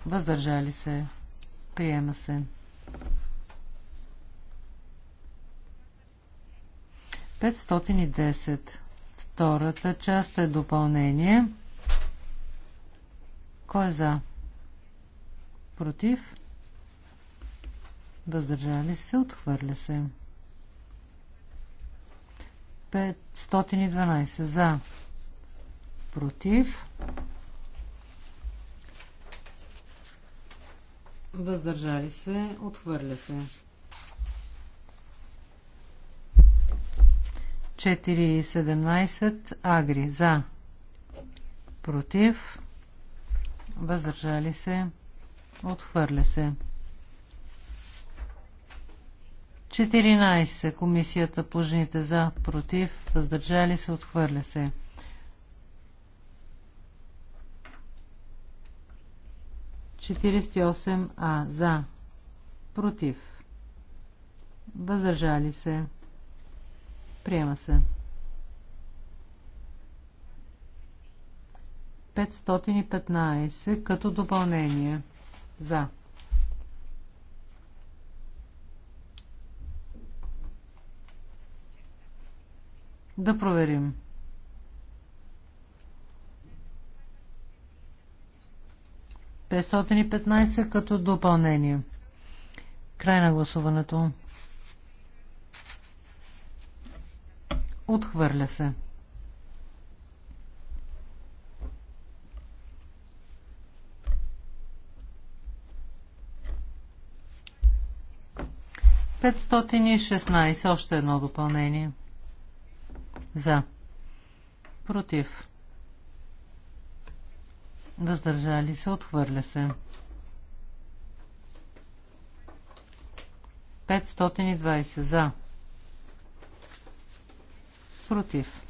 въздържали се, приема се. 510. Втората част е допълнение. Кой е за? Против? Въздържали се? Отхвърля се. 512 за. Против? Въздържали се? Отхвърля се. 4.17 Агри за против въздържали се отхвърля се 14. Комисията по жените за против въздържали се отхвърля се 48А за против въздържали се Приема се. 515 като допълнение. За. Да проверим. Петстотин като допълнение. Край на гласуването. Отхвърля се. Петстотин и шестнайс. Още едно допълнение. За. Против. Въздържали се. Отхвърля се. 520 за. Против.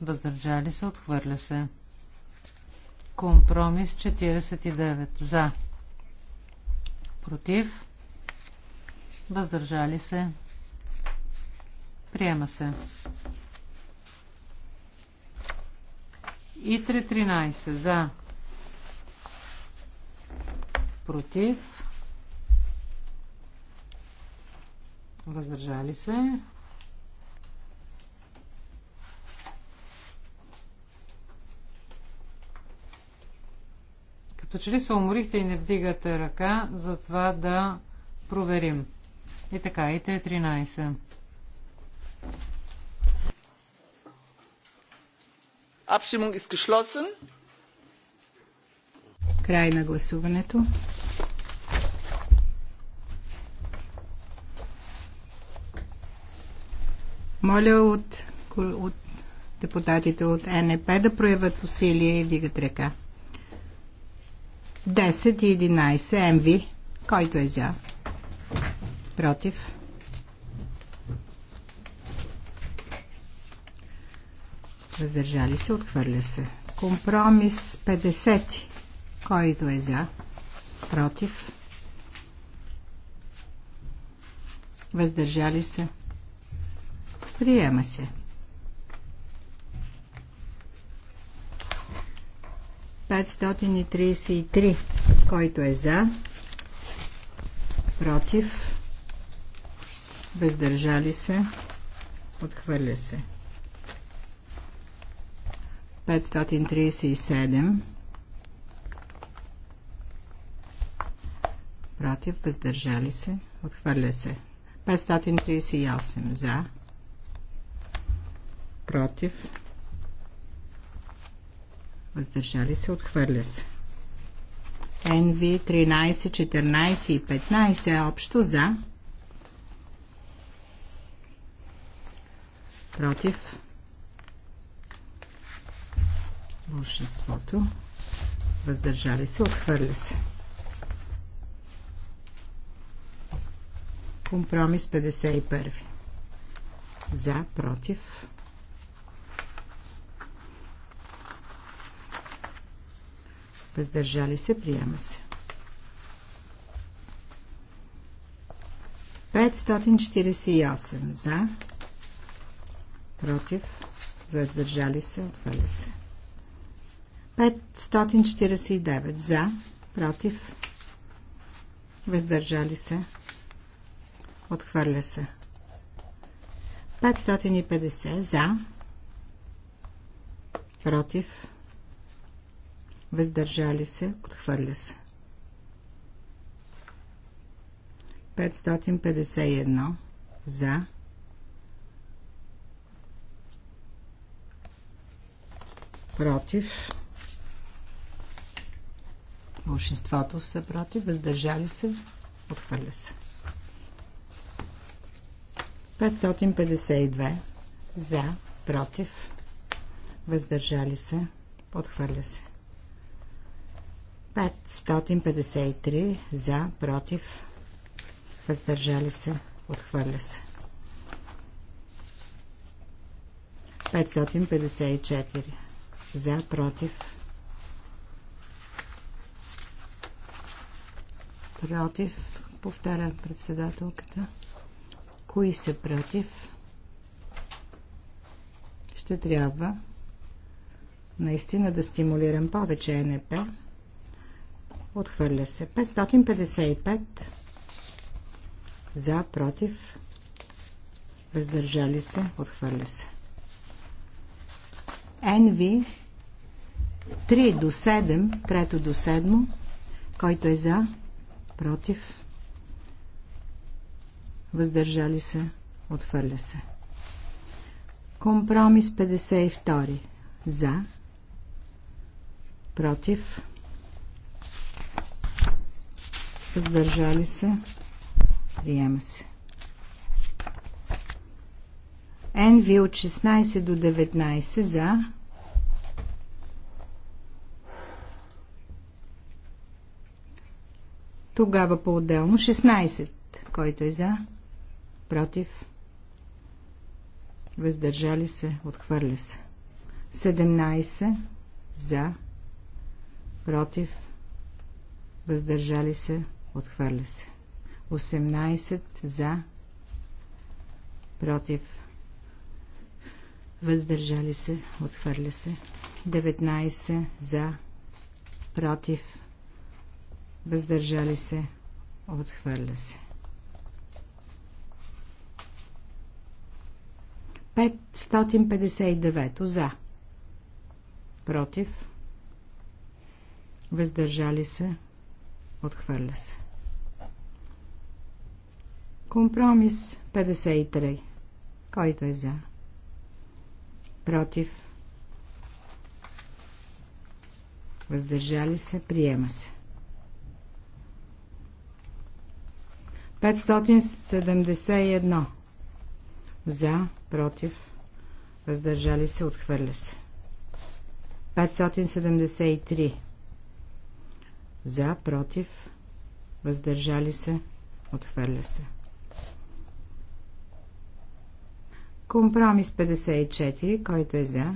Въздържали се, отхвърля се. Компромис 49. За. Против. Въздържали се. Приема се. И 3.13. За. Против. Въздържали се. Като че ли се уморихте и не вдигате ръка, затова да проверим. И така, и те 13. Abstimmung изкъшлосен. Край на гласуването. Моля от, от депутатите от НП да проявят усилия и вдигат ръка. 10 и 11 МВ. Който е за? Против? Въздържали се, отхвърля се. Компромис 50. Който е за? Против? Въздържали се. Приема се. Петстотин който е за, против, въздържали се, отхвърля се. 537 против, въздържали се, отхвърля се. 538 за, против, въздържали се, отхвърля се. NV 13, 14 и 15 е общо за, против, большинството, въздържали се, отхвърля се. Компромис 51. За, против, въздържали се, приема се. 548 за, против, въздържали се, отвали се. 549 за, против, въздържали се, отхвърля се. 550 за, против, въздържали се, отхвърля се. 551 за, против, Большинството са против, въздържали се, отхвърля се. 552 за, против, въздържали се, отхвърля се. 553 за, против, въздържали се, отхвърля се. 554 за, против, против, повтаря председателката. Кои са против? Ще трябва наистина да стимулирам повече НП. Отхвърля се. 555 за, против, въздържали се, отхвърля се. NV 3 до 7, трето до 7, който е за, против, въздържали се, отхвърля се. Компромис 52 за, против, въздържали се, приема се. NV от 16 до 19 за, Тогава по-отделно 16. Който е за? Против? Въздържали се? Отхвърля се. 17. За? Против? Въздържали се? Отхвърля се. 18 за. Против. Въздържали се. Отхвърля се. 19 за. Против. Въздържали се. Отхвърля се. 559 за. Против. Въздържали се. Отхвърля се. Компромис 53. Който е за? Против. Въздържали се. Приема се. 571. За. Против. Въздържали се. Отхвърля се. 573. За. Против. Въздържали се. Отхвърля се. Компромис 54, който е за,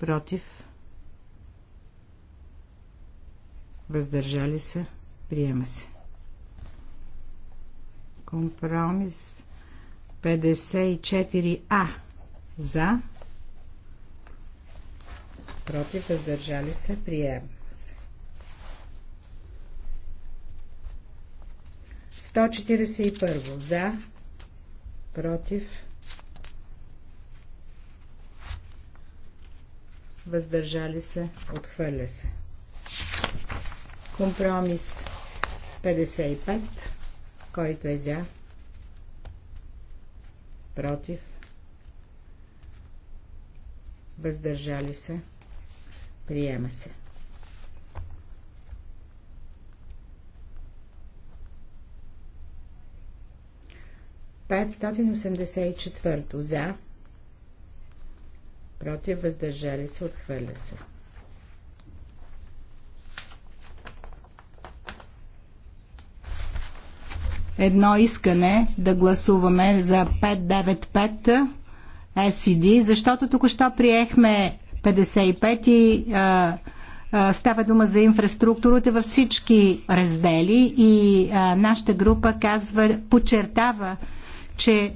против, въздържали се, приема се. Компромис 54А за, против, въздържали се, приема се. 141 за, против, въздържали се, отхвърля се. Компромис 55, който е за, против, въздържали се, приема се. 584 за, против, въздържали се, отхвърля се. Едно искане да гласуваме за 595 SED, защото току-що приехме 55 и а, а, става дума за инфраструктурата във всички раздели и а, нашата група казва, подчертава че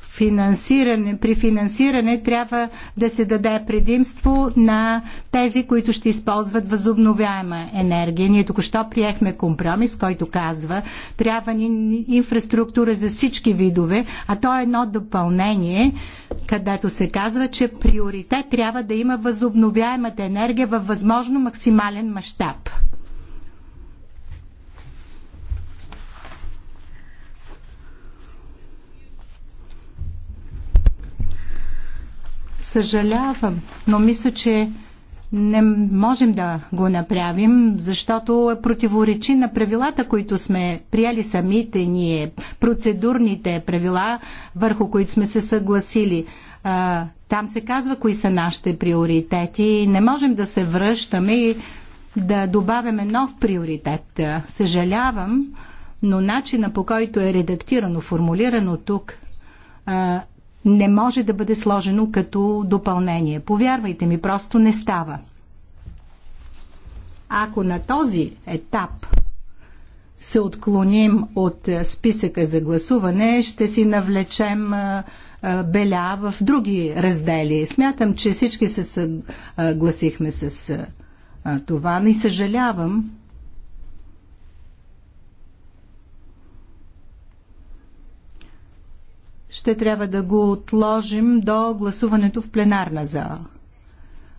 финансиране, при финансиране трябва да се даде предимство на тези, които ще използват възобновяема енергия. Ние току-що приехме компромис, който казва, трябва ни инфраструктура за всички видове, а то е едно допълнение, където се казва, че приоритет трябва да има възобновяемата енергия във възможно максимален мащаб. Съжалявам, но мисля, че не можем да го направим, защото е противоречи на правилата, които сме приели самите ние, процедурните правила, върху които сме се съгласили. А, там се казва кои са нашите приоритети. Не можем да се връщаме и да добавяме нов приоритет. Съжалявам, но начина по който е редактирано, формулирано тук, а, не може да бъде сложено като допълнение. Повярвайте ми, просто не става. Ако на този етап се отклоним от списъка за гласуване, ще си навлечем беля в други раздели. Смятам, че всички се съгласихме с това. Не съжалявам, ще трябва да го отложим до гласуването в пленарна зала.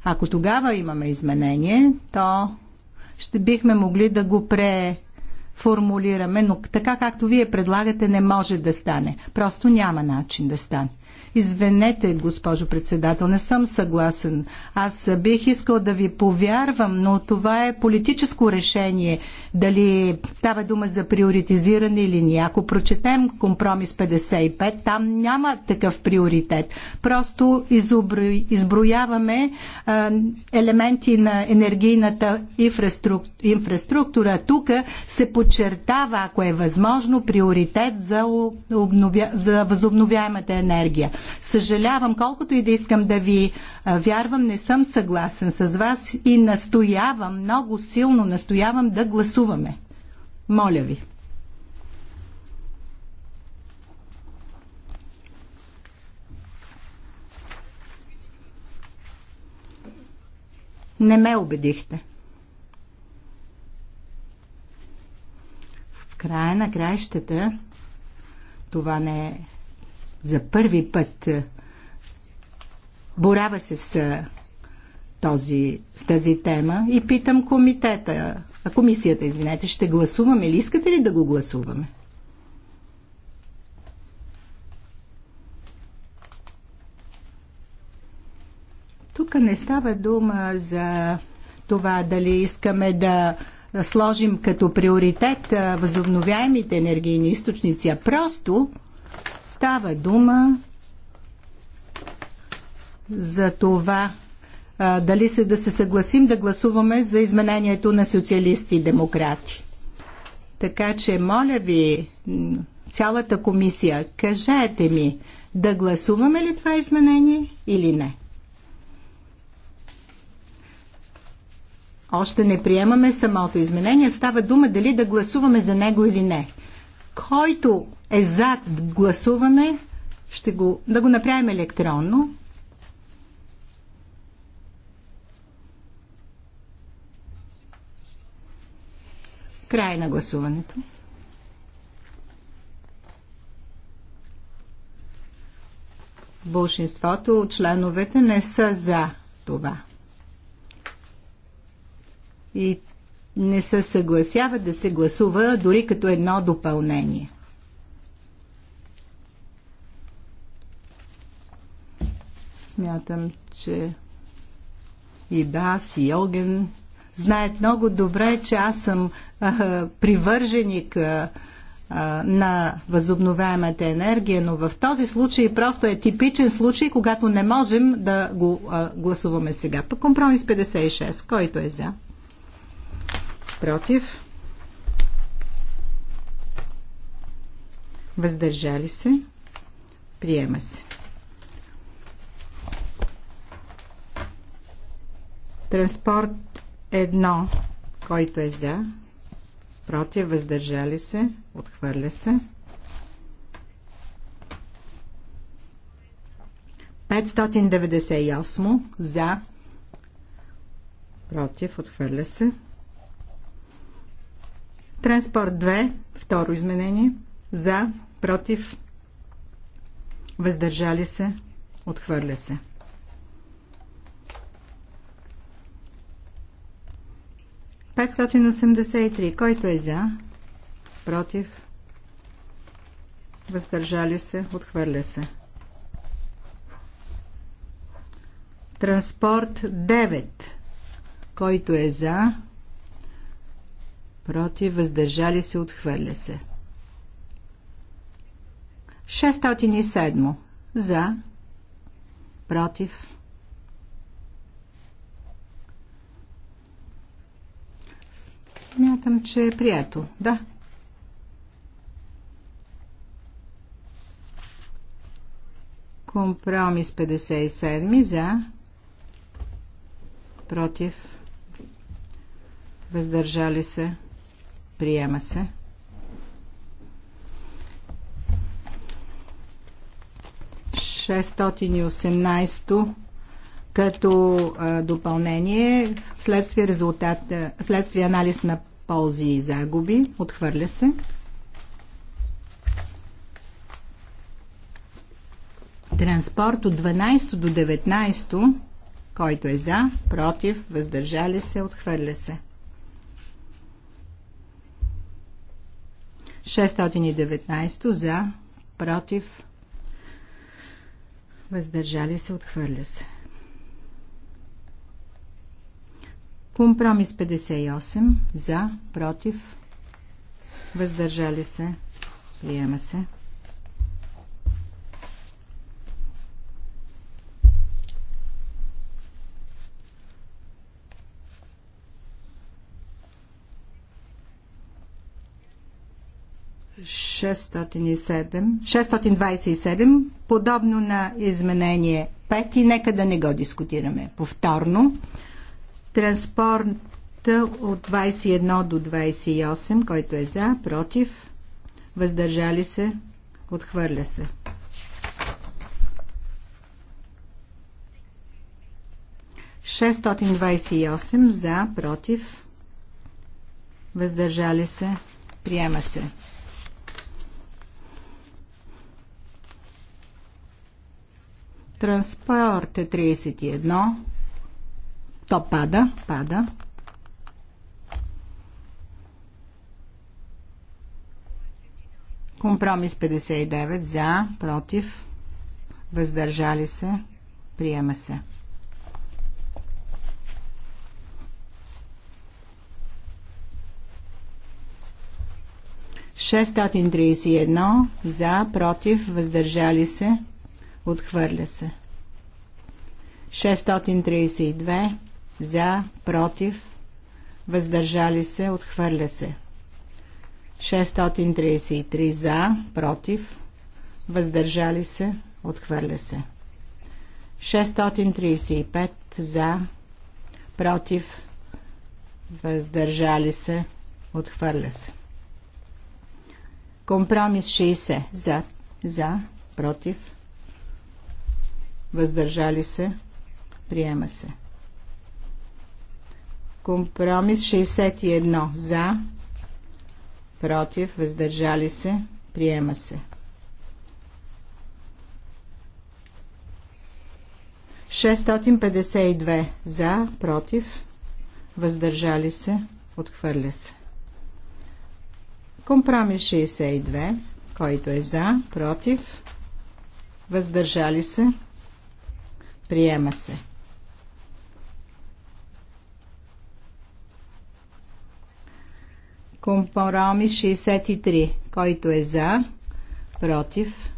Ако тогава имаме изменение, то ще бихме могли да го преформулираме, но така както вие предлагате не може да стане. Просто няма начин да стане. Извинете, госпожо председател, не съм съгласен. Аз бих искал да ви повярвам, но това е политическо решение. Дали става дума за приоритизиране или не. Ако прочетем компромис 55, там няма такъв приоритет. Просто изброяваме елементи на енергийната инфраструктура. Тук се подчертава, ако е възможно, приоритет за, обновя... за възобновяемата енергия. Русия. Съжалявам, колкото и да искам да ви вярвам, не съм съгласен с вас и настоявам, много силно настоявам да гласуваме. Моля ви. Не ме убедихте. В края на краищата това не е за първи път е, борава се с, е, този, с тази тема и питам комитета, а комисията, извинете, ще гласуваме или Искате ли да го гласуваме? Тук не става дума за това дали искаме да сложим като приоритет е, възобновяемите енергийни източници, а просто Става дума за това а, дали се да се съгласим да гласуваме за изменението на социалисти и демократи. Така че, моля ви, цялата комисия, кажете ми, да гласуваме ли това изменение или не. Още не приемаме самото изменение. Става дума дали да гласуваме за него или не който е зад да гласуваме, ще го, да го направим електронно. Край на гласуването. Болшинството от членовете не са за това. И не се съгласява да се гласува дори като едно допълнение. Смятам, че и Бас, и Йоген знаят много добре, че аз съм а, привърженик а, а, на възобновяемата енергия, но в този случай просто е типичен случай, когато не можем да го а, гласуваме сега. По компромис 56, който е за? против, въздържали се, приема се. Транспорт 1, който е за, против, въздържали се, отхвърля се. 598 за, против, отхвърля се. Транспорт 2, второ изменение. За, против, въздържали се, отхвърля се. Петстотин Който е за? Против? Въздържали се? Отхвърля се. Транспорт 9. Който е за? против, въздържали се, отхвърля се. 607 за, против, Смятам, че е прието. Да. Компромис 57 за против въздържали се. Приема се. Шестстотин като а, допълнение следствие, резултат, следствие анализ на ползи и загуби. Отхвърля се. Транспорт от 12 до 19, който е за, против, въздържали се, отхвърля се. 619 за, против, въздържали се, отхвърля се. Компромис 58 за, против, въздържали се, приема се. 607, 627, подобно на изменение 5 и нека да не го дискутираме повторно. Транспорт от 21 до 28, който е за, против, въздържали се, отхвърля се. Шестотин за, против, въздържали се, приема се. Транспорт е 31. То пада, пада. Компромис 59 за, против, въздържали се, приема се. едно за, против, въздържали се, Отхвърля се. 632 за, против, въздържали се, отхвърля се. 633 за, против, въздържали се, отхвърля се. 635 за, против, въздържали се, отхвърля се. Компромис 60 за, за, против, въздържали се, приема се. Компромис 61 за, против, въздържали се, приема се. 652 за, против, въздържали се, отхвърля се. Компромис 62, който е за, против, въздържали се, Приема се. Компромис 63. Който е за, против,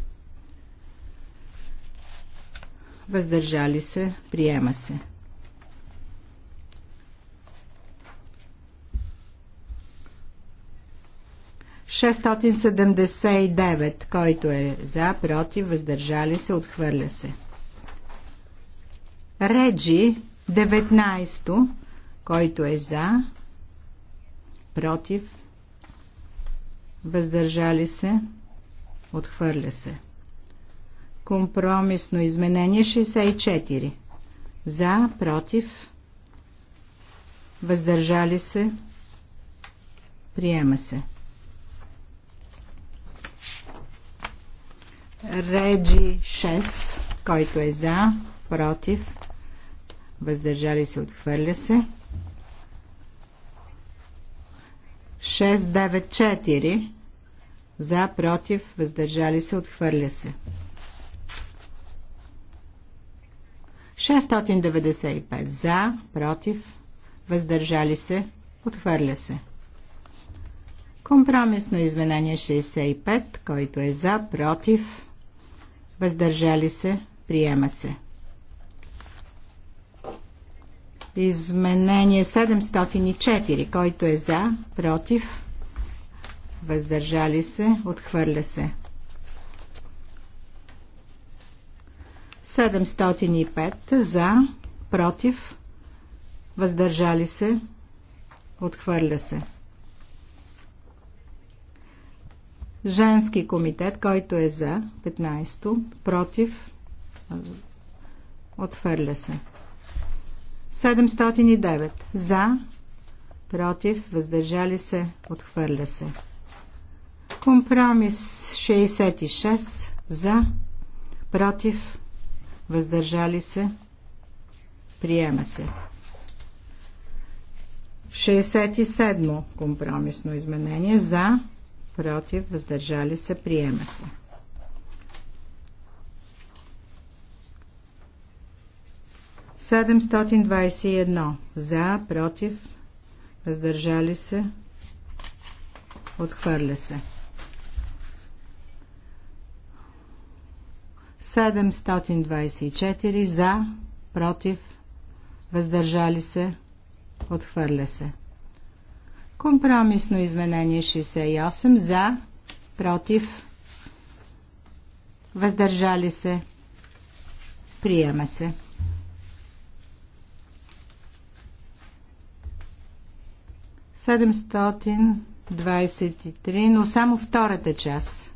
въздържали се, приема се. девет, който е за, против, въздържали се, отхвърля се. Реджи 19, който е за, против, въздържали се, отхвърля се. Компромисно изменение 64. За, против, въздържали се, приема се. Реджи 6, който е за, против, въздържали се, отхвърля се. 694 за, против, въздържали се, отхвърля се. 695 за, против, въздържали се, отхвърля се. Компромисно изменение 65, който е за, против, въздържали се, приема се. Изменение 704. Който е за, против, въздържали се, отхвърля се. 705 за, против, въздържали се, отхвърля се. Женски комитет, който е за 15, против, отхвърля се. 709. За, против, въздържали се, отхвърля се. Компромис 66. За, против, въздържали се, приема се. 67. Компромисно изменение. За, против, въздържали се, приема се. 721 за, против, въздържали се, отхвърля се. 724 за, против, въздържали се, отхвърля се. Компромисно изменение 68 за, против, въздържали се, приема се. 723, но само втората част.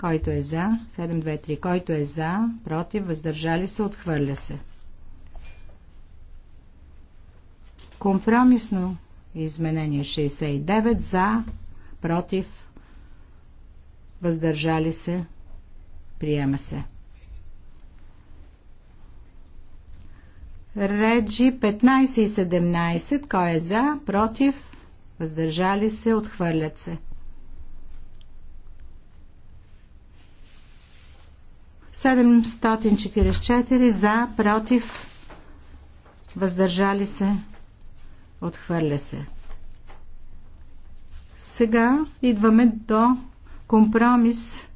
Който е за, 723, който е за, против, въздържали се, отхвърля се. Компромисно изменение 69 за, против, въздържали се, приема се. Реджи 15 и 17. Кой е за? Против? Въздържали се? Отхвърлят се. Седемстотин за, против, въздържали се, отхвърля се. Сега идваме до компромис,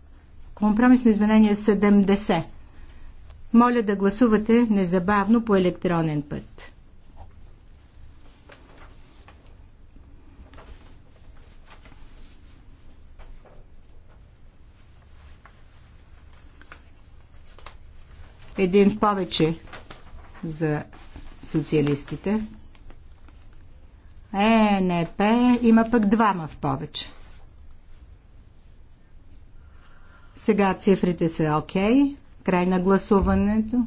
компромисно изменение 70. Моля да гласувате незабавно по електронен път. Един повече за социалистите. Е, не, пе, има пък двама в повече. Сега цифрите са окей. Okay. Край на гласуването.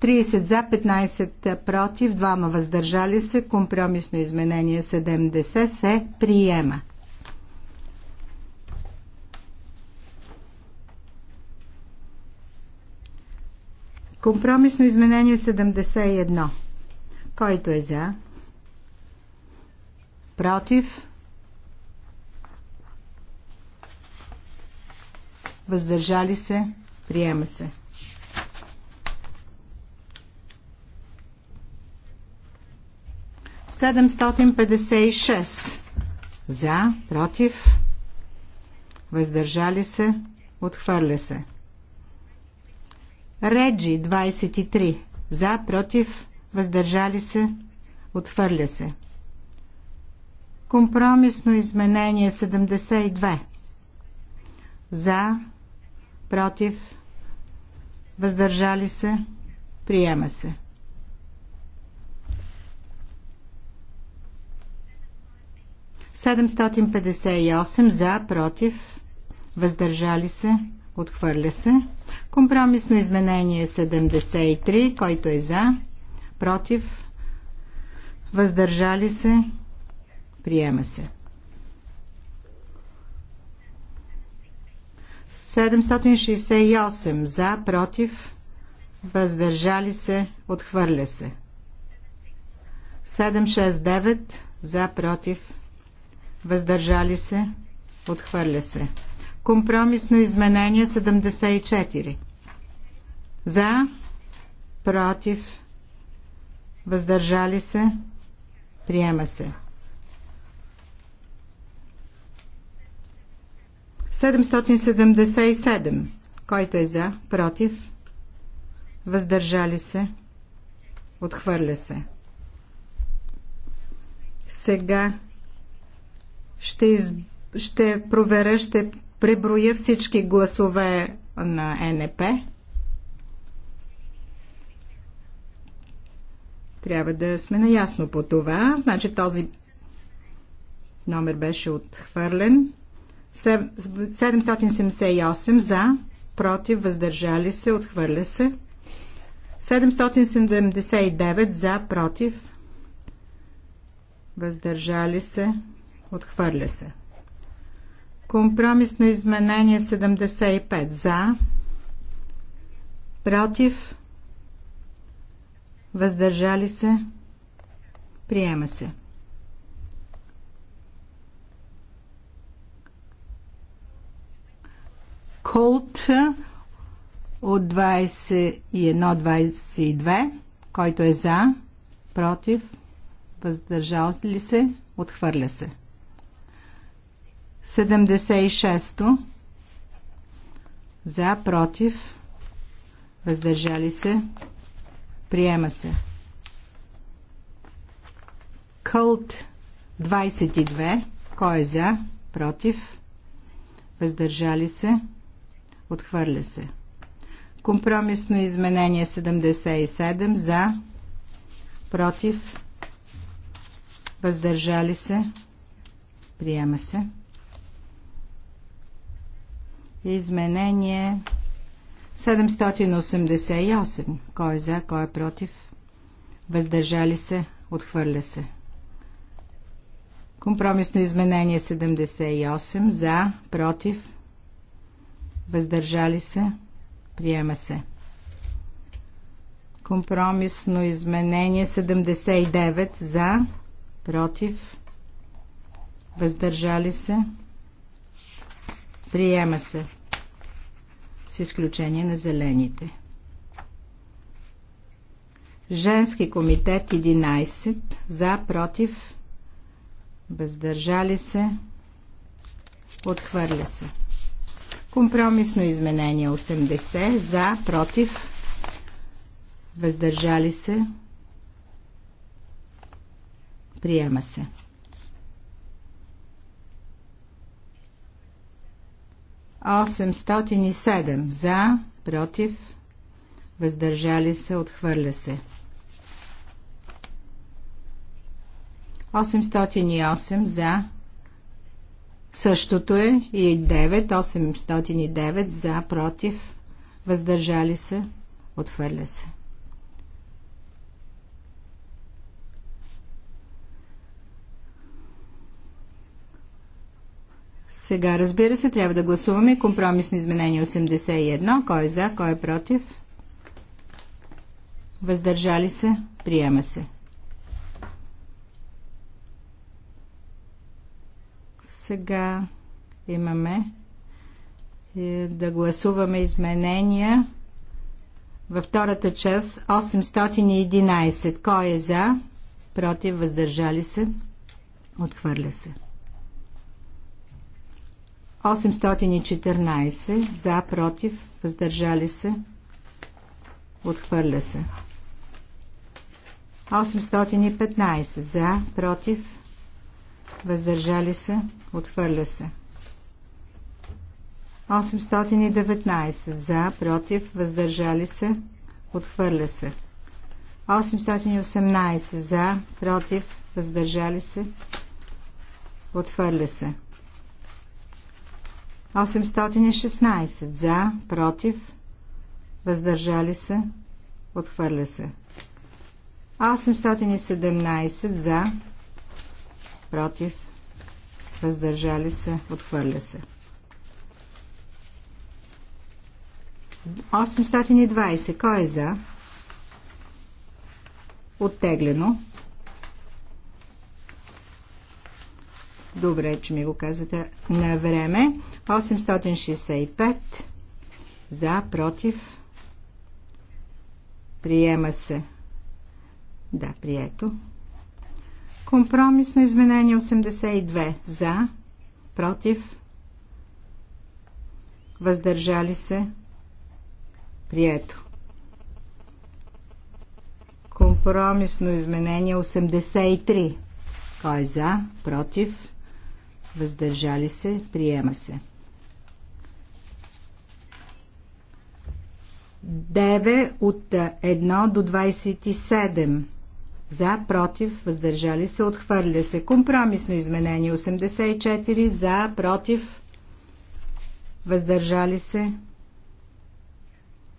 30 за, 15 е, против, 2 въздържали се. Компромисно изменение 70 се приема. Компромисно изменение 71. Който е за? Против? Въздържали се? Приема се. 756 за, против, въздържали се, отхвърля се. Реджи 23 за, против, въздържали се, отхвърля се. Компромисно изменение 72 за, против, въздържали се, приема се. 758 за, против, въздържали се, отхвърля се. Компромисно изменение 73, който е за, против, въздържали се, приема се. 768 за, против, въздържали се, отхвърля се. 769 за, против, въздържали се, отхвърля се. Компромисно изменение 74. За, против, въздържали се, приема се. 777. Който е за, против, въздържали се, отхвърля се. Сега ще, из... ще проверя, ще преброя всички гласове на НП. Трябва да сме наясно по това. Значи този номер беше отхвърлен. 778 за, против, въздържали се, отхвърля се. 779 за, против, въздържали се. Отхвърля се. Компромисно изменение 75 за, против, въздържали се, приема се. Колт от 21-22, който е за, против, въздържал ли се, отхвърля се. 76-то за, против, въздържали се, приема се. Кълт 22, кой е за, против, въздържали се, отхвърля се. Компромисно изменение 77 за, против, въздържали се, приема се. Изменение 788. Кой е за, кой е против? Въздържали се, отхвърля се. Компромисно изменение 78. За, против, въздържали се, приема се. Компромисно изменение 79. За, против, въздържали се, Приема се. С изключение на зелените. Женски комитет 11. За, против, въздържали се, отхвърля се. Компромисно изменение 80. За, против, въздържали се, приема се. 807 за, против, въздържали се, отхвърля се. 808 за. Същото е и 9, 809 за, против, въздържали се, отхвърля се. Сега, разбира се, трябва да гласуваме компромисно изменение 81. Кой е за, кой е против? Въздържали се? Приема се. Сега имаме е, да гласуваме изменения във втората част 811. Кой е за? Против? Въздържали се? Отхвърля се. 814 за, против, въздържали се, отхвърля се. 815 за, против, въздържали се, отхвърля се. 819 за, против, въздържали се, отхвърля се. 818 за, против, въздържали се, отхвърля се. 816 за, против, въздържали се, отхвърля се. 817 за, против, въздържали се, отхвърля се. 820. Кой е за? Оттеглено. Добре, че ми го казвате на време. 865 за, против. Приема се. Да, прието. Компромисно изменение 82 за, против. Въздържали се. Прието. Компромисно изменение 83. Кой е за? Против? въздържали се, приема се. 9 от 1 до 27. За, против, въздържали се, отхвърля се. Компромисно изменение 84. За, против, въздържали се,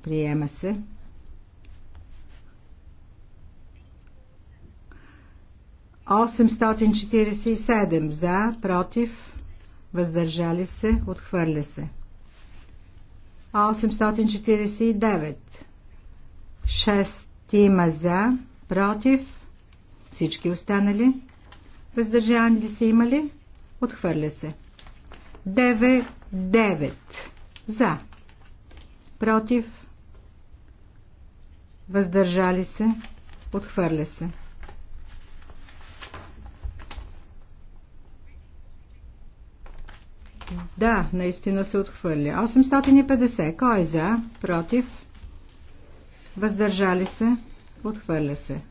приема се. 847 за, против, въздържали се, отхвърля се. 849 6 има за, против, всички останали, въздържани се има ли, отхвърля се. 9 9 за, против, въздържали се, отхвърля се. Да, наистина се отхвърля. 850. Кой е за? Против? Въздържали се? Отхвърля се.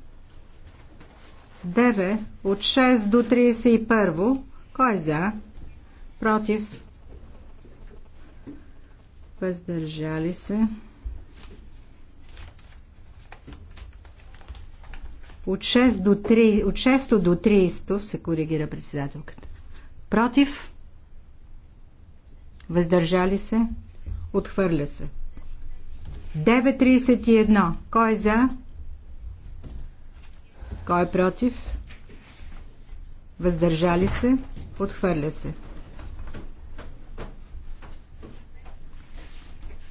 9. От 6 до 31. Кой е за? Против? Въздържали се? От 6 до 3, от 6 до 30 се коригира председателката. Против? Въздържали се? Отхвърля се. 9.31. Кой е за? Кой е против? Въздържали се? Отхвърля се.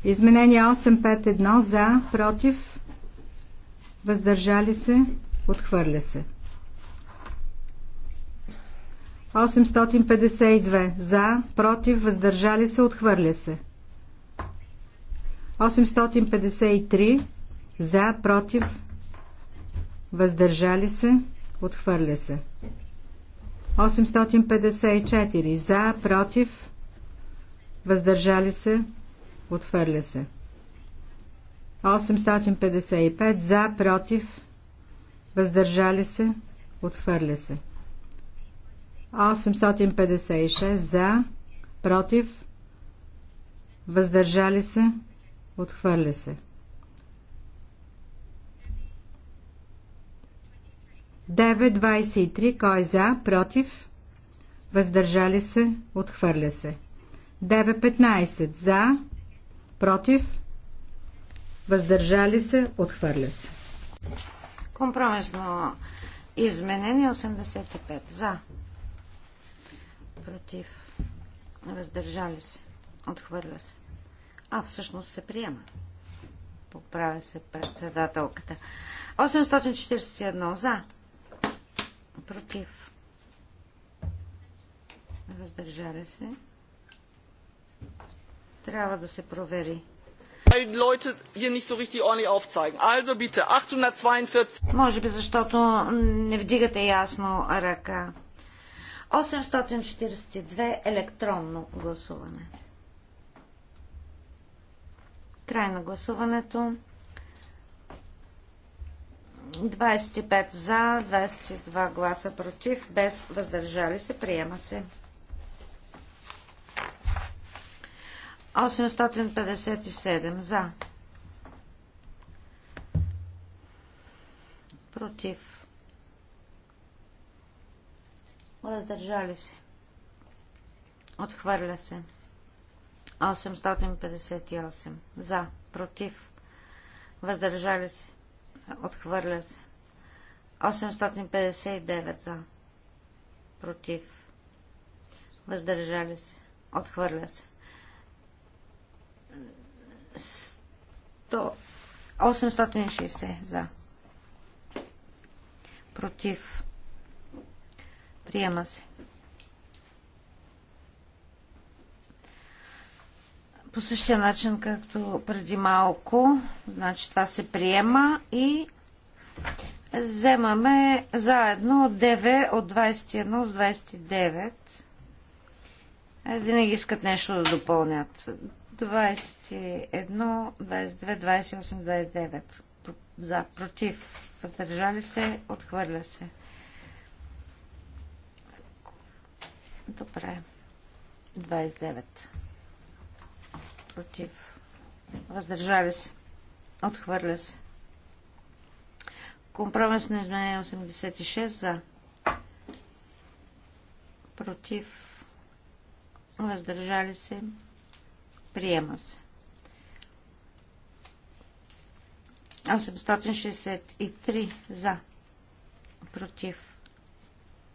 Изменение 851 за, против, въздържали се, отхвърля се. 852 за, против, въздържали се, отхвърля се. 853 за, против, въздържали се, отхвърля се. 854 за, против, въздържали се, отхвърля се. 855 за, против, въздържали се, отхвърля се. 856 за, против, въздържали се, отхвърля се. 9.23. Кой е за? Против? Въздържали се? Отхвърля се. 9.15. За? Против? Въздържали се? Отхвърля се. Компромисно изменение 85. За? против, въздържали се, отхвърля се. А, всъщност се приема. Поправя се председателката. 841 за, против, въздържали се. Трябва да се провери Leute hier nicht so richtig ordentlich aufzeigen. Also bitte, 842. Може би защото не вдигате ясно ръка. 842 електронно гласуване. Край на гласуването. 25 за, 22 гласа против, без въздържали се. Приема се. 857 за. Против. въздържали се, отхвърля се. 858 за, против, въздържали се, отхвърля се. 859 за, против, въздържали се, отхвърля се. 860 за, против, Приема се. По същия начин, както преди малко, значи това се приема и вземаме заедно 9 от 21 до 29. Винаги искат нещо да допълнят. 21, 22, 28, 29. За, против, въздържали се, отхвърля се. Добре. 29. Против. Въздържави се. Отхвърля се. Компромисно изменение 86 за. Против. Въздържали се. Приема се. 863 за. Против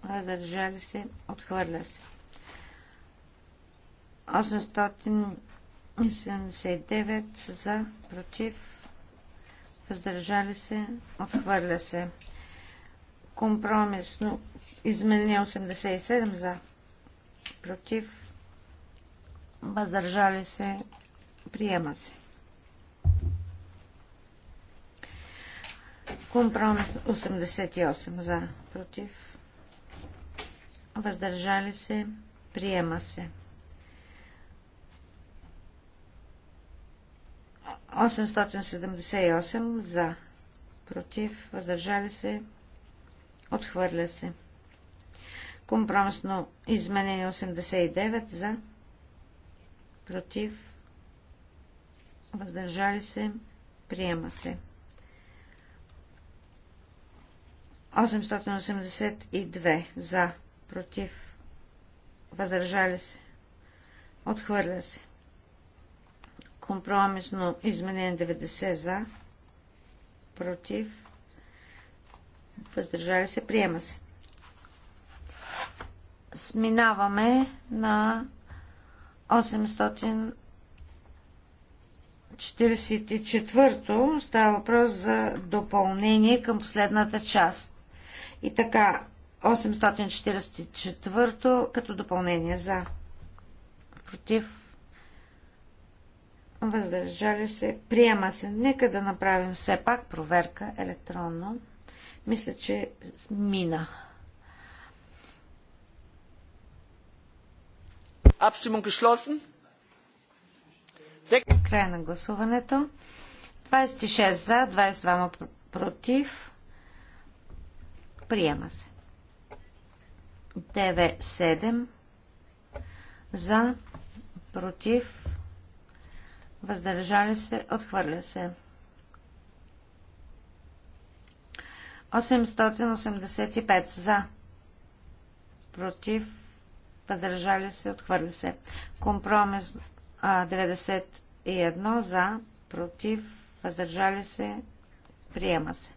въздържали се, отхвърля се. 879 за, против, въздържали се, отхвърля се. Компромисно изменение 87 за, против, въздържали се, приема се. Компромис 88 за, против, въздържали се, приема се. 878 за, против, въздържали се, отхвърля се. Компромисно изменение 89 за, против, въздържали се, приема се. 882 за, против, въздържали се, отхвърля се. Компромисно изменение 90 за, против, въздържали се, приема се. Сминаваме на 844 то става въпрос за допълнение към последната част. И така, 844 като допълнение за. Против. Въздържали се. Приема се. Нека да направим все пак проверка електронно. Мисля, че мина. Abstimmung geschlossen. Край на гласуването. 26 за, 22 против. Приема се. 9 7 за, против, въздържали се, отхвърля се. 885 за, против, въздържали се, отхвърля се. Компромис 91 за, против, въздържали се, приема се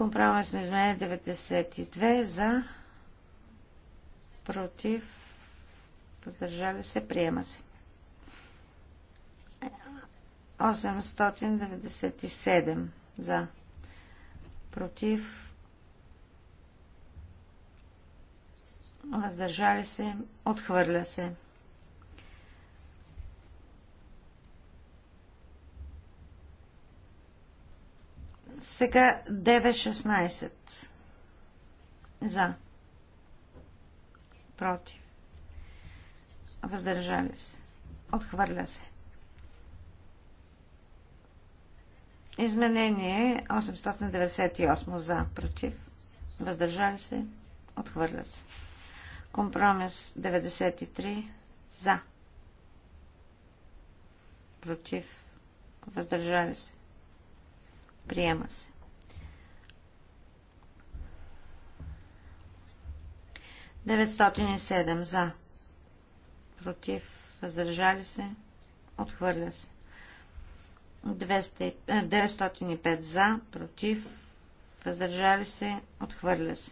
на изменение 92 за, против, въздържали се, приема се. 897 за, против, въздържали се, отхвърля се. Сега 9.16. За. Против. Въздържали се. Отхвърля се. Изменение 898 за, против, въздържали се, отхвърля се. Компромис 93 за, против, въздържали се, Приема се. Деветстотин седем за. Против. Въздържали се. Отхвърля се. 200, 905 е, за. Против. Въздържали се. Отхвърля се.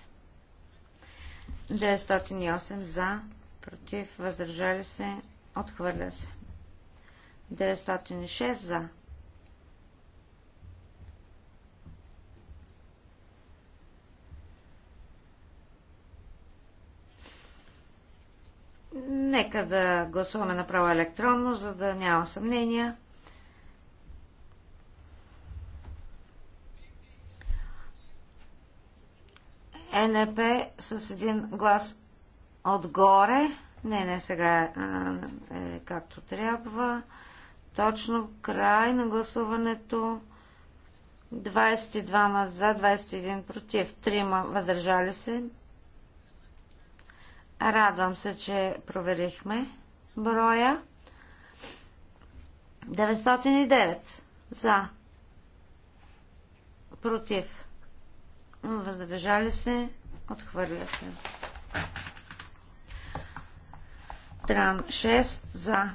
908 за. Против. Въздържали се. Отхвърля се. 906 за Нека да гласуваме направо електронно, за да няма съмнения. НП с един глас отгоре. Не, не, сега а, е, е както трябва. Точно край на гласуването. 22 за, 21 против, 3 въздържали се. Радвам се, че проверихме броя. 909 за. Против. Въздържали се. Отхвърля се. Тран 6 за.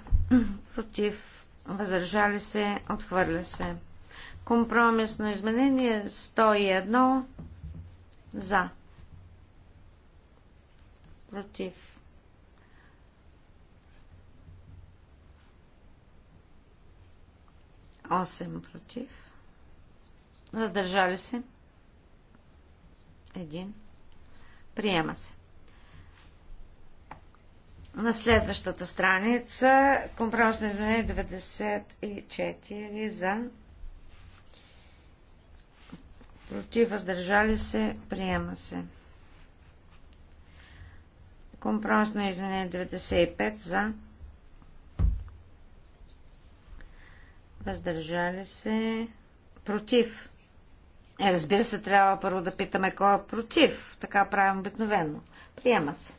Против. Въздържали се. Отхвърля се. Компромисно изменение 101 за против. Осем против. Въздържали се. Един. Приема се. На следващата страница компромисно изменение 94 за против въздържали се, приема се. Компромисно изменение 95 за. Въздържали се. Против. Е, разбира се, трябва първо да питаме кой е против. Така правим обикновено. Приема се.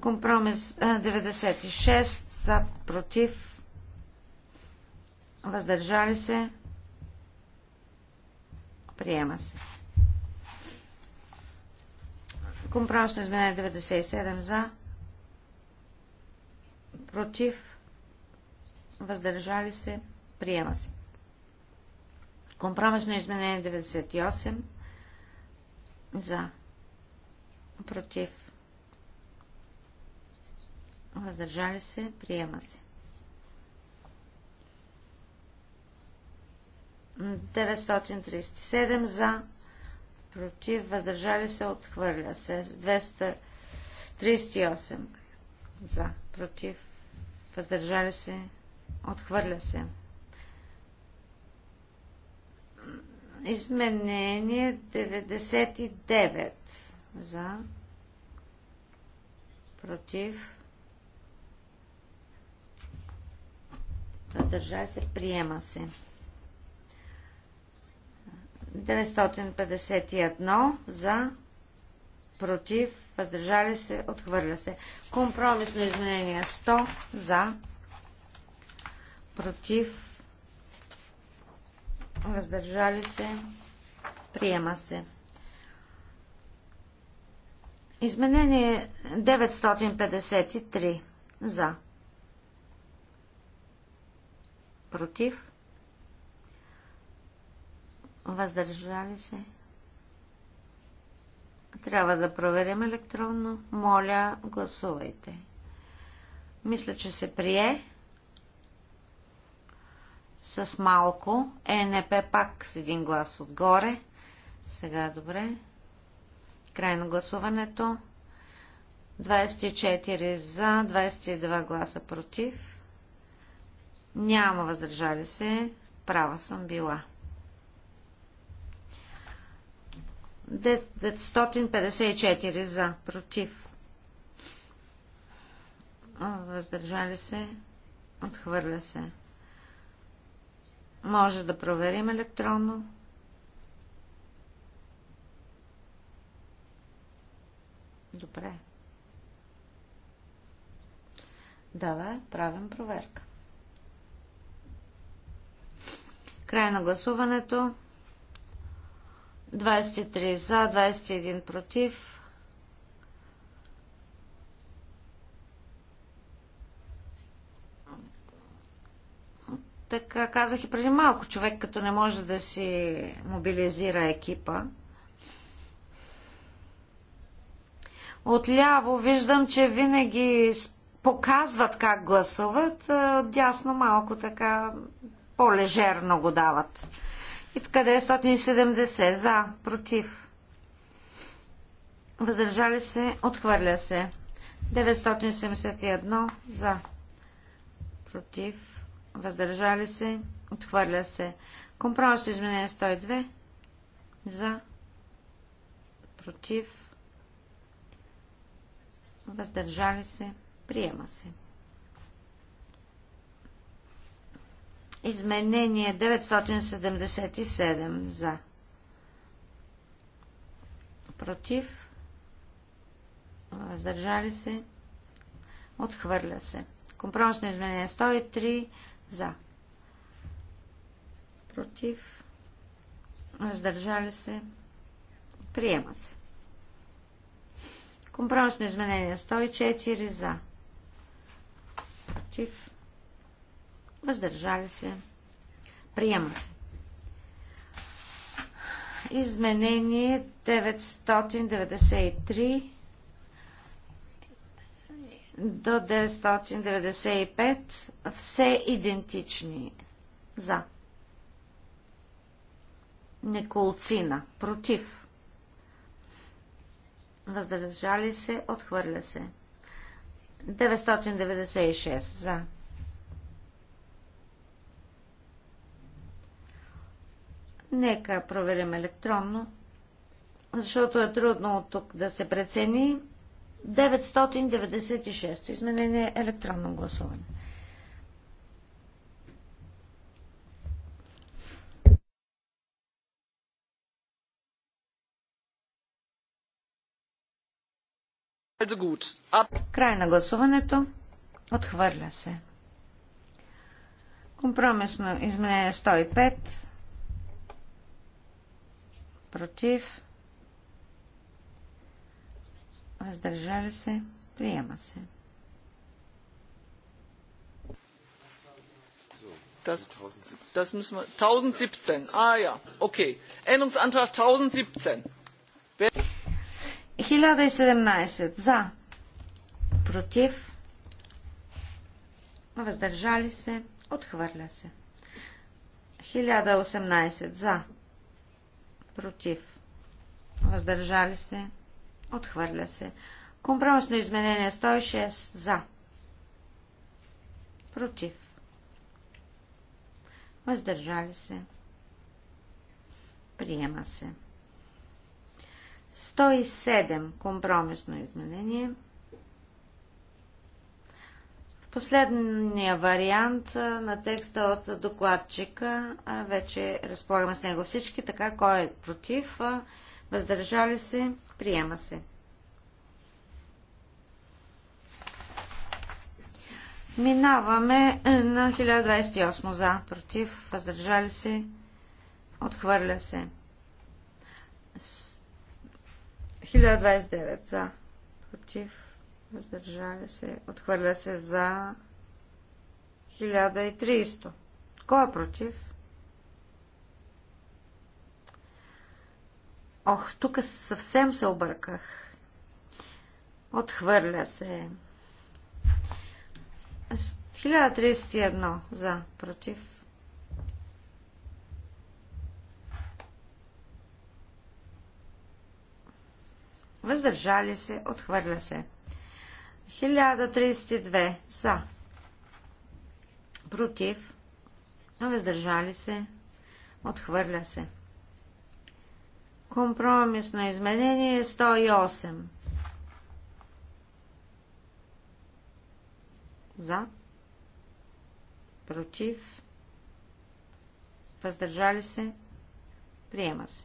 Компромис 96 за против. Въздържали се. Приема се. Компромисно изменение 97 за, против, въздържали се, приема се. Компромисно изменение 98 за, против, въздържали се, приема се. 937 за, против, въздържали се, отхвърля се. 238 за, против, въздържали се, отхвърля се. Изменение 99 за, против, въздържали се, приема се. 951 за, против, въздържали се, отхвърля се. Компромисно изменение 100 за, против, въздържали се, приема се. Изменение 953 за, против, Въздържали се. Трябва да проверим електронно. Моля, гласувайте. Мисля, че се прие. С малко. ЕНП пак с един глас отгоре. Сега добре. Край на гласуването. 24 за, 22 гласа против. Няма въздържали се. Права съм била. 954 за, против, въздържали се, отхвърля се. Може да проверим електронно. Добре. Давай, правим проверка. Край на гласуването. 23 за, 21 против. Така казах и преди малко, човек като не може да си мобилизира екипа. Отляво виждам, че винаги показват как гласуват, дясно малко така по-лежерно го дават. И така 970 за, против. Въздържали се, отхвърля се. 971 за, против. Въздържали се, отхвърля се. Компромисно изменение 102 за, против. Въздържали се, приема се. Изменение 977 за. Против. Въздържали се. Отхвърля се. Компромисно изменение 103 за. Против. Въздържали се. Приема се. Компромисно изменение 104 за. Против въздържали се, приема се. Изменение 993 до 995 все идентични за неколцина против въздържали се отхвърля се 996 за Нека проверим електронно, защото е трудно от тук да се прецени. 996 изменение електронно гласуване. Край на гласуването. Отхвърля се. Компромисно изменение 105 против, въздържали се, приема се. Das, das müssen wir. 1017. Ah ja, okay. Änderungsantrag 1017. 1017. За. Против. Въздържали се. Отхвърля се. 1018. За против, въздържали се, отхвърля се. Компромисно изменение 106 за, против, въздържали се, приема се. 107 компромисно изменение 106 Последния вариант на текста от докладчика, вече разполагаме с него всички, така кой е против, въздържали се, приема се. Минаваме е, на 1028 за, против, въздържали се, отхвърля се. 1029 за, против, въздържали се, отхвърля се за 1300. Кой е против? Ох, тук съвсем се обърках. Отхвърля се. 1031 за, против. Въздържали се, отхвърля се. 1032 за. Против. Въздържали се. Отхвърля се. Компромисно изменение 108. За. Против. Въздържали се. Приема се.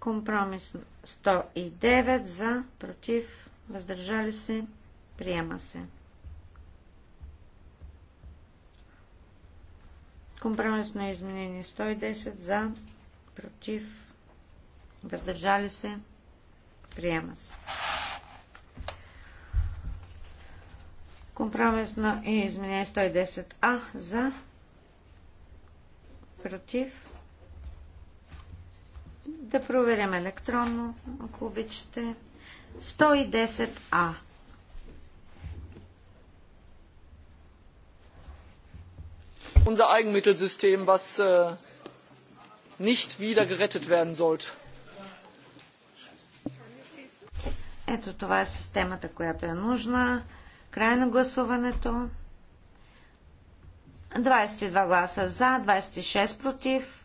Компромисно 109 за, против, въздържали се, приема се. Компромисно изменение 110 за, против, въздържали се, приема се. Компромисно изменение 110а за, против, да проверим електронно, ако обичате. 110А. Unser Eigenmittelsystem, was äh, nicht wieder gerettet werden sollte. Ето това е системата, която е нужна. Край на гласуването. 22 гласа за, 26 против,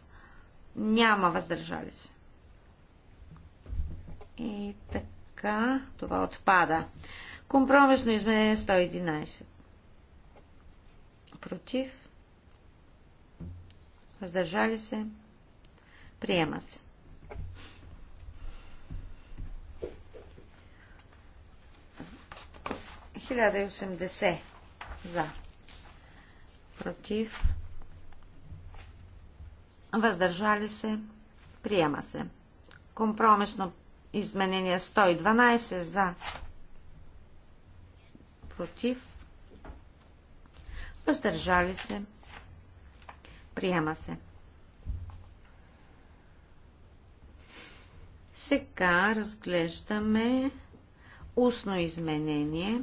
няма въздържали се. И така, това отпада. Компромисно изменение 111. Против. Въздържали се. Приема се. Хиляда за. Против въздържали се, приема се. Компромисно изменение 112 за, против, въздържали се, приема се. Сега разглеждаме устно изменение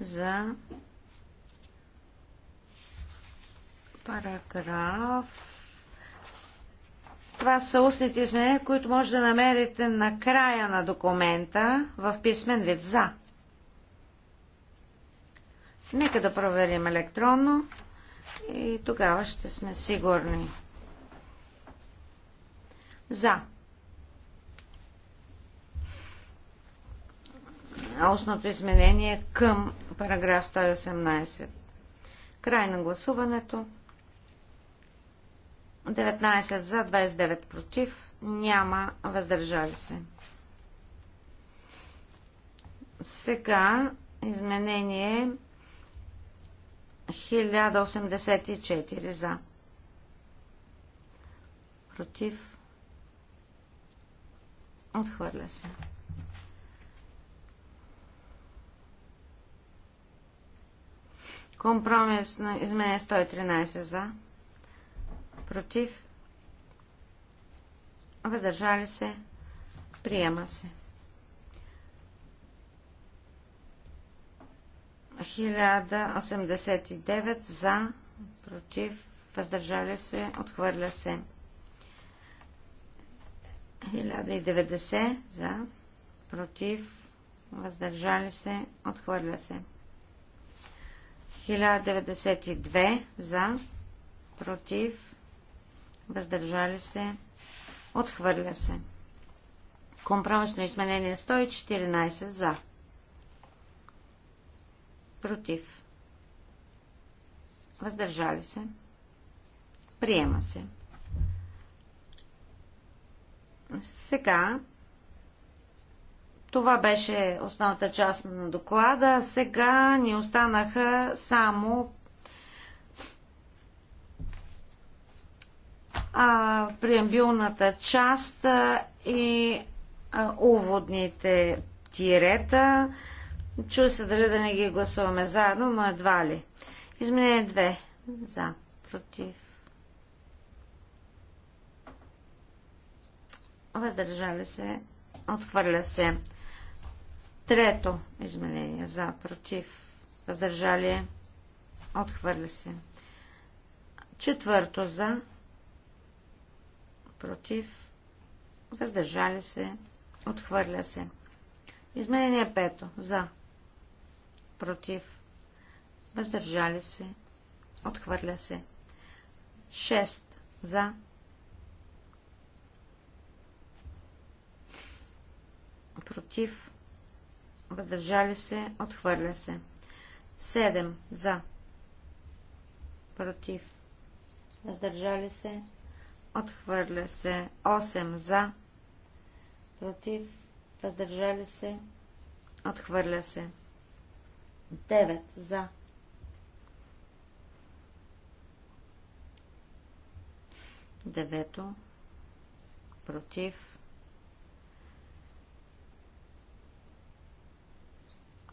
за параграф това са устните изменения, които може да намерите на края на документа в писмен вид за. Нека да проверим електронно и тогава ще сме сигурни. За. Устното изменение към параграф 118. Край на гласуването. 19 за, 29 против, няма въздържали се. Сега изменение 1084 за. Против. Отхвърля се. Компромис на изменение 113 за против, въздържали се, приема се. 1089 за, против, въздържали се, отхвърля се. 1090 за, против, въздържали се, отхвърля се. 1092 за, против, въздържали се, отхвърля се. Компромисно изменение 114 за. Против. Въздържали се. Приема се. Сега това беше основната част на доклада. Сега ни останаха само а, преамбилната част а, и а, уводните тирета. Чуй се дали да не ги гласуваме заедно, но едва ли. Изменение 2. За. Против. Въздържали се. Отхвърля се. Трето изменение. За. Против. Въздържали. Отхвърля се. Четвърто. За против, въздържали се, отхвърля се. Изменение пето. За. Против. Въздържали се. Отхвърля се. 6. За. Против. Въздържали се. Отхвърля се. Седем За. Против. Въздържали се. Отхвърля се 8 за. Против. Въздържали се. Отхвърля се. 9 за. Девето. Против.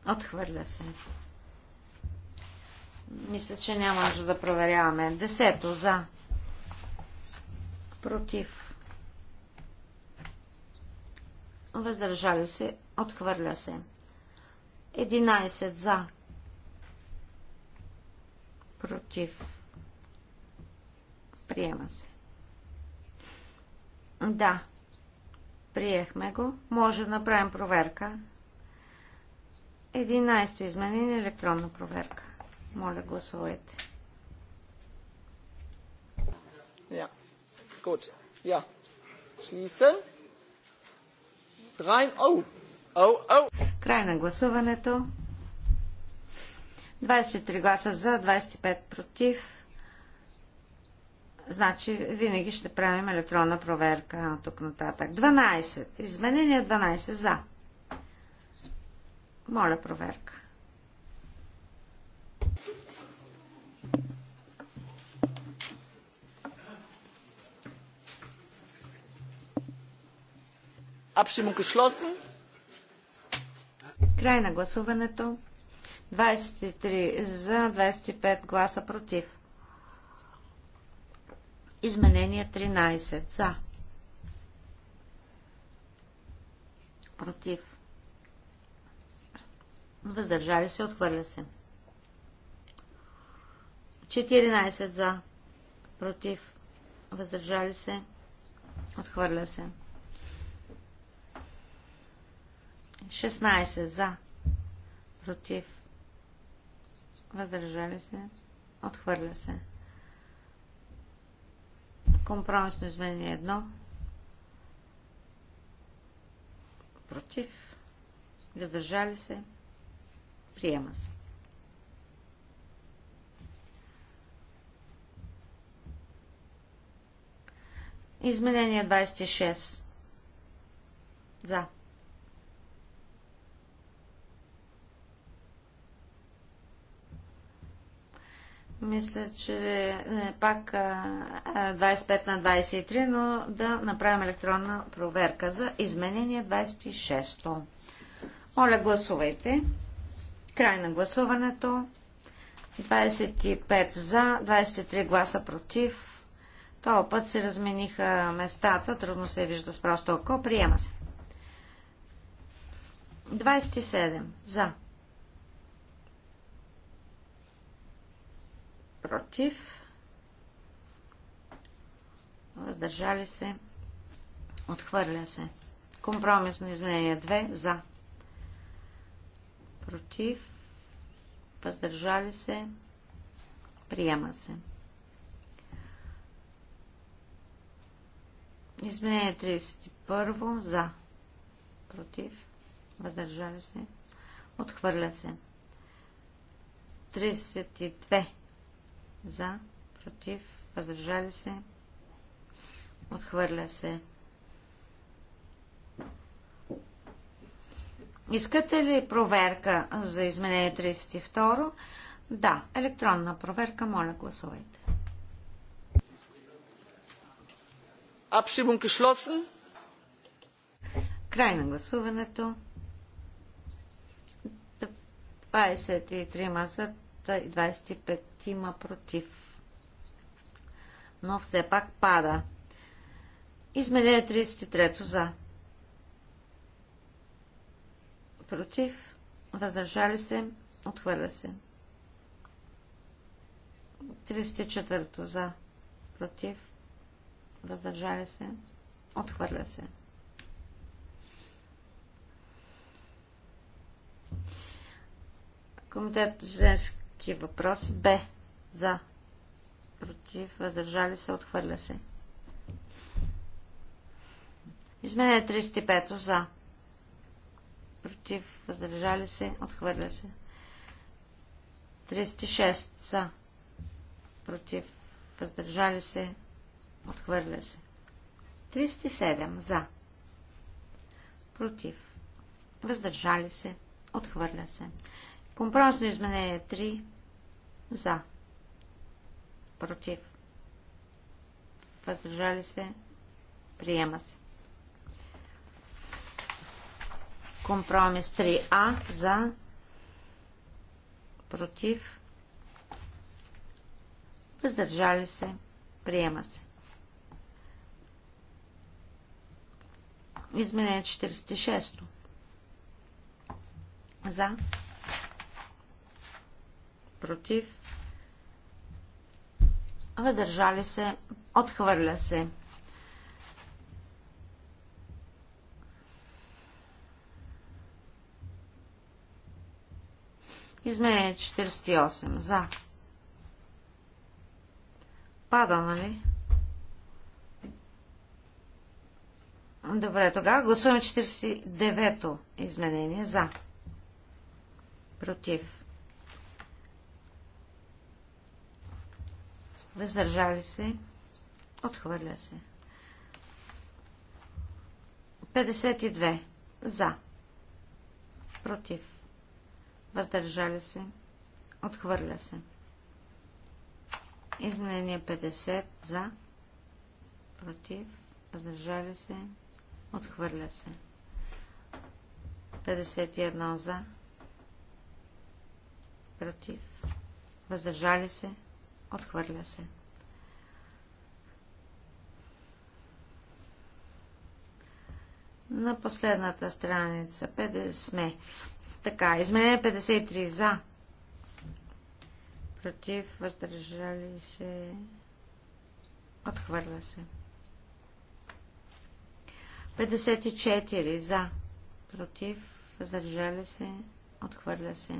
Отхвърля се. Мисля, че няма нужда да проверяваме. Десето за против, въздържали се, отхвърля се. 11 за, против, приема се. Да, приехме го. Може да направим проверка. 11 изменение електронна проверка. Моля, гласувайте. Gut. Ja. Schließen. Drei. Oh. Oh, oh. Край на гласуването. 23 гласа за, 25 против. Значи винаги ще правим електронна проверка на тук нататък. 12. Изменение 12 за. Моля проверка. Abstimmung geschlossen. Край на гласуването. 23 за, 25 гласа против. Изменение 13 за. Против. Въздържали се, отхвърля се. 14 за. Против. Въздържали се. Отхвърля се. 16 за, против, въздържали се, отхвърля се. Компромисно изменение 1, против, въздържали се, приема се. Изменение 26. За. Мисля, че е пак 25 на 23, но да направим електронна проверка за изменение 26. Моля, гласувайте. Край на гласуването. 25 за, 23 гласа против. Това път се размениха местата, трудно се вижда с просто око. Приема се. 27 за, против, въздържали се, отхвърля се. Компромисно изменение 2 за, против, въздържали се, приема се. Изменение 31 за, против, въздържали се, отхвърля се. 32 за, против, въздържали се, отхвърля се. Искате ли проверка за изменение 32? Да, електронна проверка, моля гласувайте. Abstimmung geschlossen. Е Край на гласуването. 23 маса, и 25 има против. Но все пак пада. Изменение 33 за. Против. Въздържали се. Отхвърля се. 34 за. Против. Въздържали се. Отхвърля се. Комитет женски всички въпроси. Б. За. Против. Въздържали се. Отхвърля се. Изменение 35. За. Против. Въздържали се. Отхвърля се. 36. За. Против. Въздържали се. Отхвърля се. 37. За. Против. Въздържали се. Отхвърля се. Компромисно изменение 3 за. Против. Въздържали се. Приема се. Компромис 3А за. Против. Въздържали се. Приема се. Изменение 46. За против, въздържали се, отхвърля се. Измене 48. За. Пада, нали? Добре, тогава гласуваме 49-то изменение. За. Против. въздържали се, отхвърля се. 52. За. Против. Въздържали се. Отхвърля се. Изменение 50. За. Против. Въздържали се. Отхвърля се. 51. За. Против. Въздържали се. Отхвърля се. На последната страница 50 сме. Така, изменение 53 за. Против, въздържали се. Отхвърля се. 54 за. Против, въздържали се. Отхвърля се.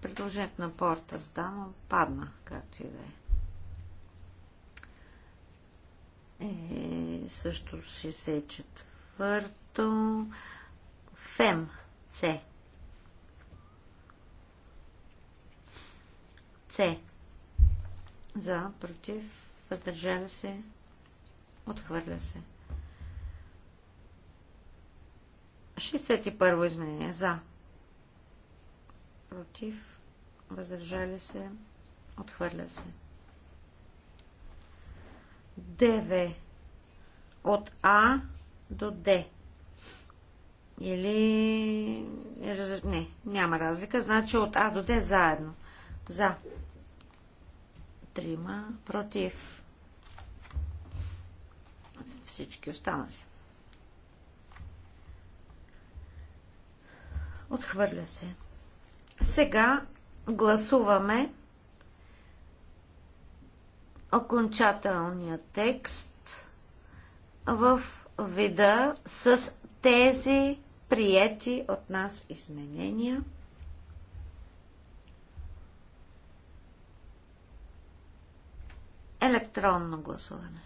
предложението на порта стана, падна, както и да е. е също 64-то. Е Фем. С. С. За, против, въздържава се, отхвърля се. 61-во изменение. За, против, въздържали се, отхвърля се. ДВ от А до Д. Или... Е не, няма разлика. Значи от А до Д заедно. За. Трима против. Всички останали. Отхвърля се. Сега гласуваме окончателния текст в вида с тези приети от нас изменения. Електронно гласуване.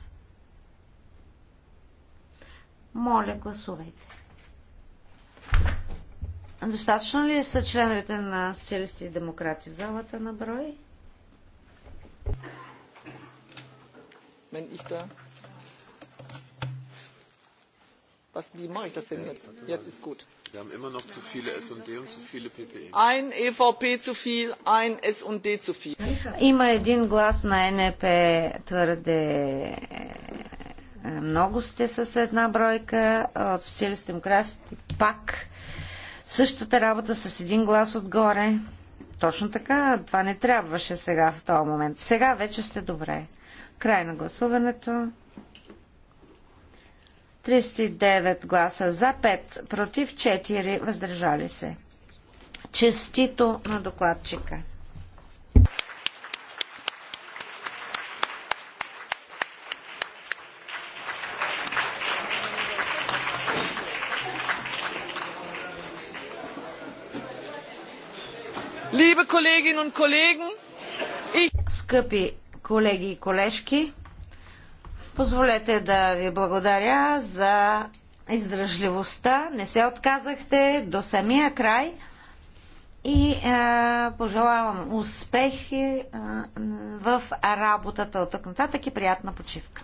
Моля, гласувайте. Достатъчно ли са членовете на социалисти и демократи в залата на брой? Was, wie mache ich das denn jetzt? Jetzt ist gut. Wir haben immer noch zu viele und zu viele PPE. Ein EVP zu viel, ein zu viel. Има един глас на НЕП твърде е, много сте с една бройка, от социалистите демократи пак Същата работа с един глас отгоре. Точно така, това не трябваше сега в този момент. Сега вече сте добре. Край на гласуването. 39 гласа за 5, против 4, въздържали се. Честито на докладчика. Liebe Kolleginnen und Kollegen, Скъпи колеги и колежки, позволете да ви благодаря за издръжливостта. Не се отказахте до самия край и а, пожелавам успехи а, в работата от тук нататък и приятна почивка.